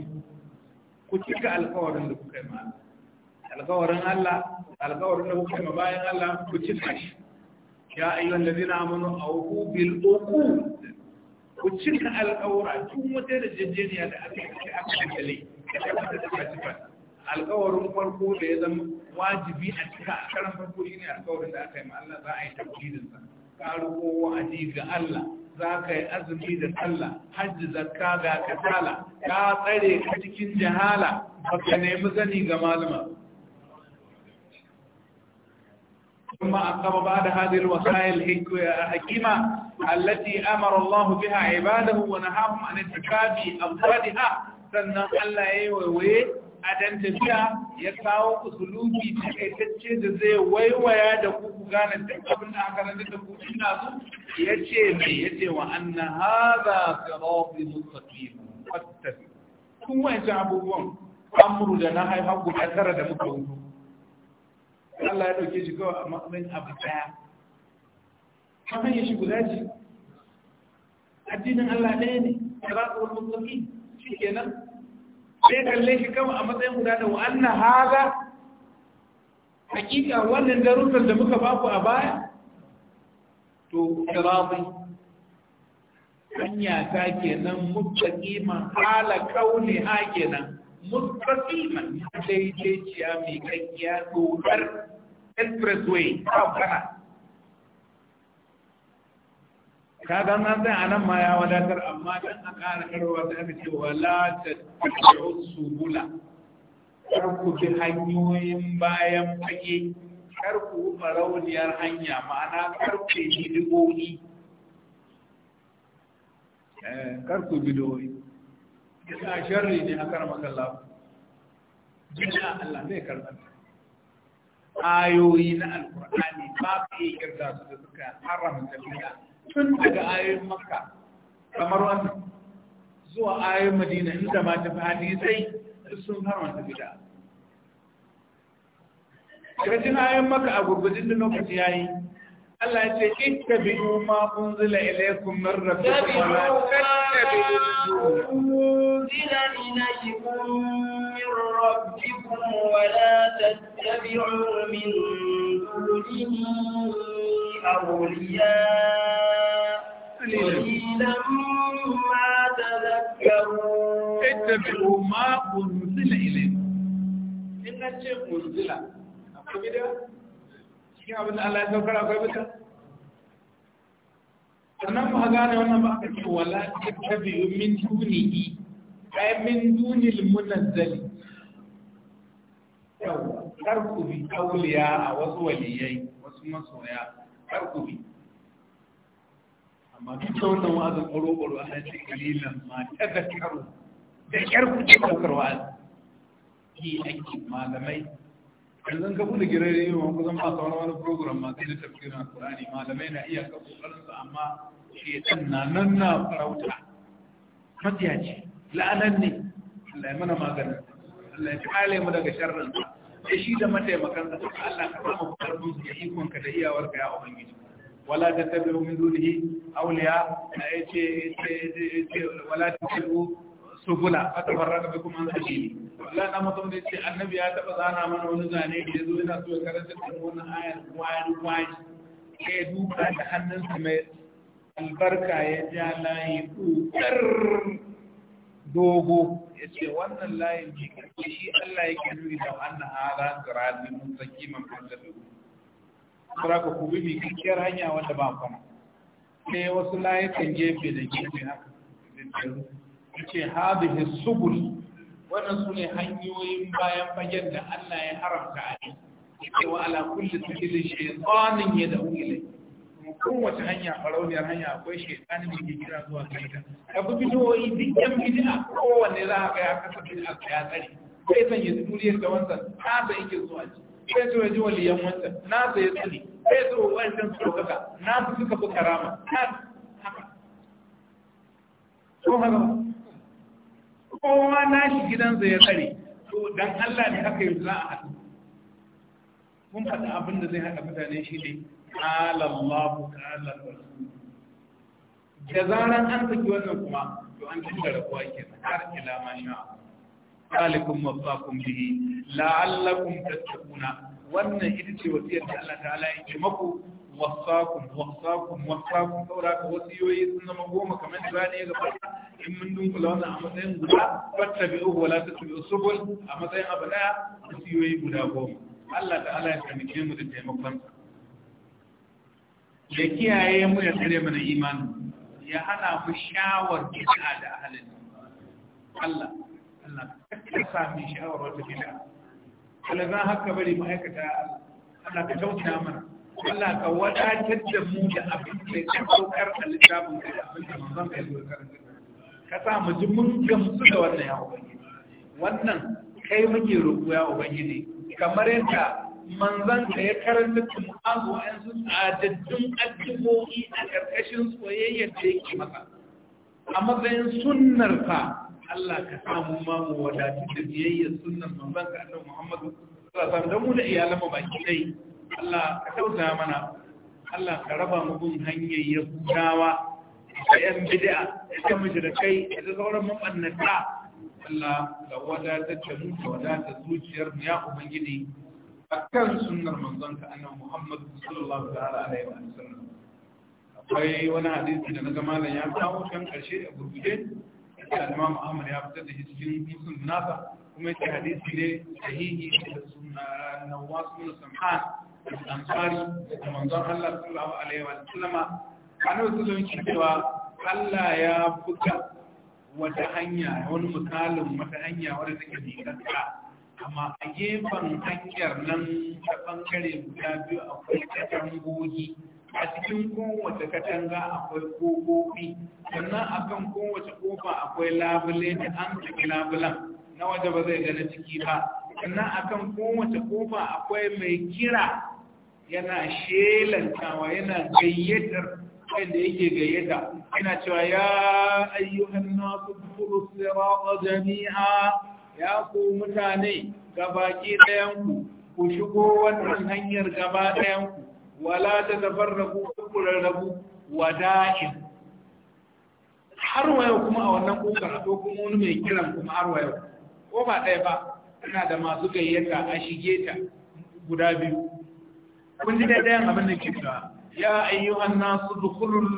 ku cika alƙawarin da kuka yi ma alƙawarin Allah alƙawarin da kuka yi ma bayan Allah ku cika shi ya ayyuhan ladina amanu awfu bil uqud ku cika alƙawara tun wata da jejjeniya da aka yi aka kankale alƙawarin farko da ya zama wajibi a cika a karan farko shine alƙawarin da aka yi ma Allah za a yi tawhidinsa ka roƙo wa'adi ga Allah za ka azumi da sallah hajji zakka ga kasala ka tsare ka cikin jahala baka nemi zani ga malama ثم أقام بعد هذه الوسائل الحكيمة التي أمر الله بها عباده ونهاهم عن ارتكاب أفرادها سنة الله يوي adan tafiya ya kawo usulubi takaitacce da zai waiwaya da ku gane duk abin da aka rantsa da ku ina su yace me yace wa anna hadha sirati mustaqim fattabi kun abubuwan amru da na haifa guda tara da muka Allah ya ɗauke shi kawai a matsayin abu ɗaya hakan ya shi guda ce addinin Allah ɗaya ne su wani mutsaki shi nan, sai kalle shi kama a matsayin guda da wa'annan haza hakika wannan darussan da muka baku a baya to kirabai hanya ta kenan muttaqima hala kauni ha kenan mustaqilman daidaiciya mai kakkiya dokar expressway ta kana ka ga na zai anan ma ya wadatar amma dan a ƙara karwa ta ce wala ta tabi'u subula kar ku bi hanyoyin bayan fage kar ku farauniyar hanya ma'ana kar ku bi digoyi kar ku bi digoyi جزاء شر دي اكرمك الله جزاء الله ما كرمك آيوين القرآن باقي كرزا سدسك حرم تبقى تن بقى آيو مكة فمروا أن زوا آيو مدينة إذا ما تفعلي سي السن حرم تبقى كرزين آيو مكة أقول بجد نوكتي آي الله يقول اتبعوا ما أنزل إليكم من ربكم ولا تتبعوا أنزل إليكم من ربكم ولا تتبعوا من دونه أولياء قليلا ما تذكرون اتبعوا ما أنزل إليكم إن الشيخ أنزل أقول abin da Allah ya akwai sannan mu gane wannan ba wala min ai min dunil munazzali yau kar ku bi auliya a wasu waliyai wasu masoya kar ku bi amma duk da wannan wa'azin ƙwaro-ƙwaro ana ce kalilan ma ta da karo da ƙyar ku ce ɗaukar wa'azi ki aiki malamai yanzu ka bude gidan rediyo ma kusan ba sauran wani wani program ma sai da tafsirin alkurani malamai na iya ka kokarin su amma shetan na nan na farauta matsiyaci la'anan ne Allah ya mana maganin Allah ya kare mu daga sharrin sai shi da mataimakan ka Allah ka samu karfin su da ikon ka da iyawar ka ya ubangiji wala tattabi'u min dunihi awliya yace yace wala tattabi'u subula fatafarraqu bikum an sabili wallahi na mutum da yace annabi ya taba zana mana wani zane da yazo yana so ya karanta wannan ayar wani wani kai duba da hannunsa mai albarka ya ja layi dogo ya ce wannan layin ji karfi shi Allah yake nuni da wannan hada tsirani mun saki man fanta dogo kuma ka kubi mai kakkiyar hanya wanda ba kuma sai wasu kan gefe da gefe haka ya ce hadihi subul wannan su ne hanyoyin bayan fagen da Allah ya haramta a ne ya ce wa ala kulli sabilin shaytanin ya da'u ilayhi kowace hanya farauniyar hanya akwai shekanin da ke kira zuwa kai ta abu yi duk yan bidiya kowanne za a kaya kasa bidiya a ya tsari sai san ya turiyar da wancan ta da yake zuwa ci sai ji yaji waliyan wancan na su ya tsali sai su wancan su kaka na su suka fi karama ko haka kowa na shi gidansa ya tsare to dan Allah ne aka yi za a haɗu mun faɗi abin da zai haɗa mutane shi ne ƙalan mafu ƙalan rasu da zaran an saki wannan kuma to an cika rabuwa ke har ila ma sha zalikum wasaqum bihi la'allakum tattaquna wannan ita ce wasiyar Allah maku saboda ka wasiyoyi sun zama goma kamar da bani ya fara. in mun dunkula wannan a matsayin guda fattabi'uhu wala tattabi'u subul a matsayin abu daya yoyi guda goma Allah ta'ala ya kamice mu da taimakon sa ya kiyaye mu ya tsare mana imani ya hana mu shawar bid'a da ahalin Allah Allah ka sami shawar wata bid'a Allah zan haka bari ma'aikata Allah ka tausaya mana Allah ka wadatar da mu da abin da ya saukar a littafin da abin da manzon ka yi karanta ka sa mu ji mun gamsu da wannan ya ubangiji wannan kai muke roƙo ya ubangiji kamar yadda manzan da ya karanta da a yanzu. A tsadaddun addu'o'i a ƙarƙashin soyayyar da yake maka a matsayin sunnar ka Allah ka samu mamu wadatu da biyayyar sunnar manzan ka annabi Muhammadu sallallahu alaihi mu da iyalan mu baki dai Allah ka tausa mana Allah ka raba mu bin hanyar ya Yahudawa da 'yan bid'a da kan mushrikai da sauran mabannata Allah ka wadatar da mu da wadatar zuciyar mu ya ubangiji akan sunnar manzon ka annabi Muhammad sallallahu ta'ala alaihi wa sallam akwai wani hadisi da naga malam ya kawo kan karshe a gurguje da Imam Ahmad ya fitar da shi cikin nasa kuma yake hadisi ne sahihi da sunna Nawas bin Samhan al-Ansari da manzon Allah sallallahu alaihi wa sallam annabi sallallahu alaihi cewa Allah ya buga wata hanya wani misalin wata hanya wadda take bi amma a gefen hanyar nan ta bangare guda biyu akwai katangogi a cikin kowace katanga akwai kofofi sannan kan kowace kofa akwai labule da an saki labulan na waje ba zai gani ciki ba sannan kan kowace kofa akwai mai kira yana shelantawa yana gayyatar da yake gayyata yana cewa ya ayyuhan nasu dukuru sirata jami'a ya ku mutane gabaki ɗayanku ku shigo wannan hanyar gaba ɗayanku wala ta tafarraku ku rarrabu wada'in har wayo kuma a wannan kokar ko kuma wani mai kiran kuma har wayo ko ba ɗaya ba ina da masu gayyata a shige ta guda biyu kun ji dai ɗayan abin da ke cewa ya ayyuhan nasu dukhulul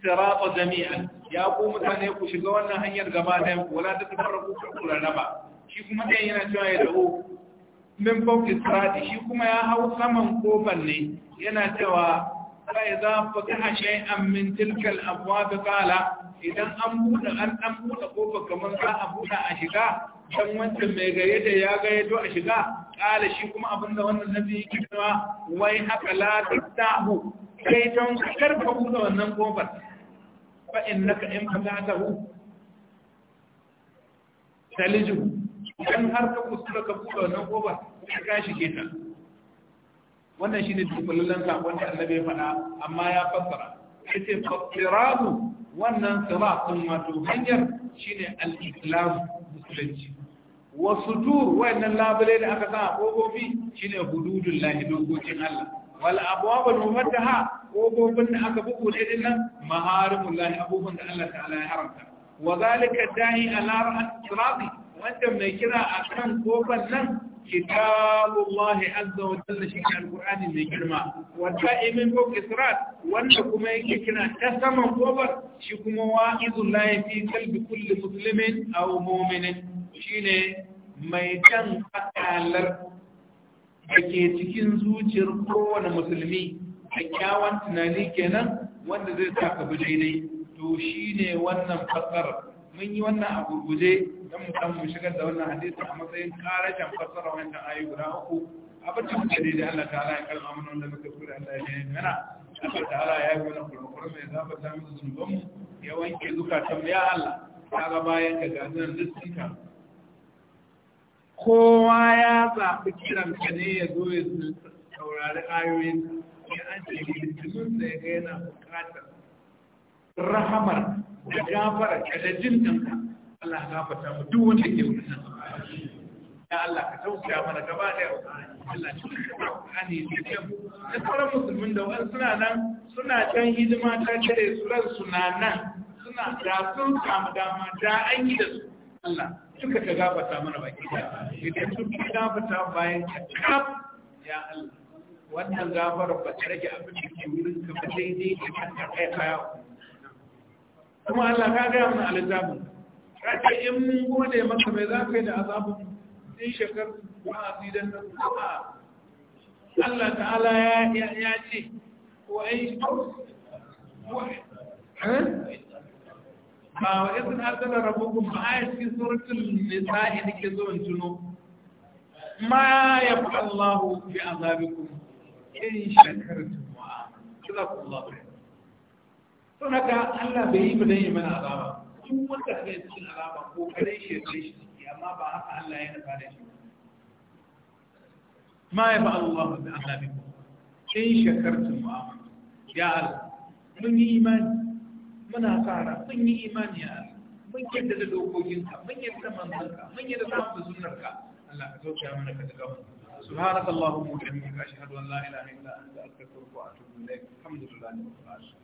sirata jami'an ya ku mutane ku shiga wannan hanyar gaba ɗayan ku wala ta tafarraku ku rarraba shi kuma ɗaya yana cewa ya dawo min fauki sirati shi kuma ya hau saman kofar ne yana cewa sai za fa ka shay'an min tilkal abwab tsala. idan an buɗe an ɗan buɗe kofar kamar za a buɗe a shiga dan wancan mai gare da ya ga to a shiga qala shi kuma da wannan nabi yake cewa wai haka la tahu kai don karka buɗe wannan kofar fa innaka in idan har ka kuskura ka buɗe wannan gobe, sai ka shige ta wannan shine dukkanin sakon da annabi ya faɗa amma ya fassara yace fasirabu wannan sira din wato hanyar shi ne al-islam musulunci wa sutur wannan labule da aka sa a kofofi shine hududul lahi dokokin Allah wal abwab al mumataha kofofin da aka bugu ne din nan maharimul lahi abubuwan da Allah ta'ala ya haramta wa zalika dahi ala ra'at sirati wanda mai kira a kan kofar nan kitabullahi azza wa jalla shi alqur'ani mai girma wata imin ko israt wanda kuma yake kira ta saman kofar shi kuma wa'izullahi fi qalbi kulli muslimin aw mu'minin shine mai dan akalar da ke cikin zuciyar kowane musulmi kyakkyawan tunani kenan wanda zai sa bi daidai to shine wannan fasar mun yi wannan a gurguje don mu samu mu shigar da wannan hadisi a matsayin karashin fassara wannan ayi guda uku abin da muke daidai Allah ta'ala ya kalma mana wanda muka kula Allah ya yi mana Allah ta'ala ya yi mana kurkurar mai zaɓar ta musu mu ya wanke zukatan ya Allah ta ga bayan ka gazunan kowa ya zaɓi kiran ka ne ya zo ya saurari ayoyin ya an ce da ya ga yana buƙatar rahamar da gafara ka da jin ɗanka Allah ya gafarta mu duk wanda ke wannan ya Allah ka tausaya mana gaba da yau Allah ya tausaya Qur'ani da kyau da sauran musulmin da wani suna nan suna can hidima ta tare su ran suna nan suna da sun samu dama da an yi da su Allah duka ta gafarta mana baki da idan sun ka gafarta bayan ka ya Allah wannan gafara ba ta rage abin da ke wurin ka ba daidai da kan ka kai kayawa kuma Allah ka gaya mana alitabin ka ce in mun gode maka mai za ka yi da azabin in shekar ba a zidan nan kuma Allah ta'ala ya ce wa ai ba wa izin arzana rabukun ba a yi cikin surutun nisa'i da ke zuwan tuno ma ya fi Allah fi azabikum in shakartum wa ba. Sau na haka Allah bai yi mu dan yi mana azaba duk wanda ka yi cikin azaba ko kare shi ya kai shi ciki amma ba haka Allah ya nufa da shi ma ya ba Allah bi azabikum in shakartum wa ya Allah mun yi imani muna fara mun yi imani ya mun yadda da dokokinka mun yadda manzanka mun yadda da sunnarka Allah ka sauke mana ka daga mu subhanakallahumma wa bihamdika ashhadu an la ilaha illa anta astaghfiruka wa atubu ilaik alhamdulillahi rabbil alamin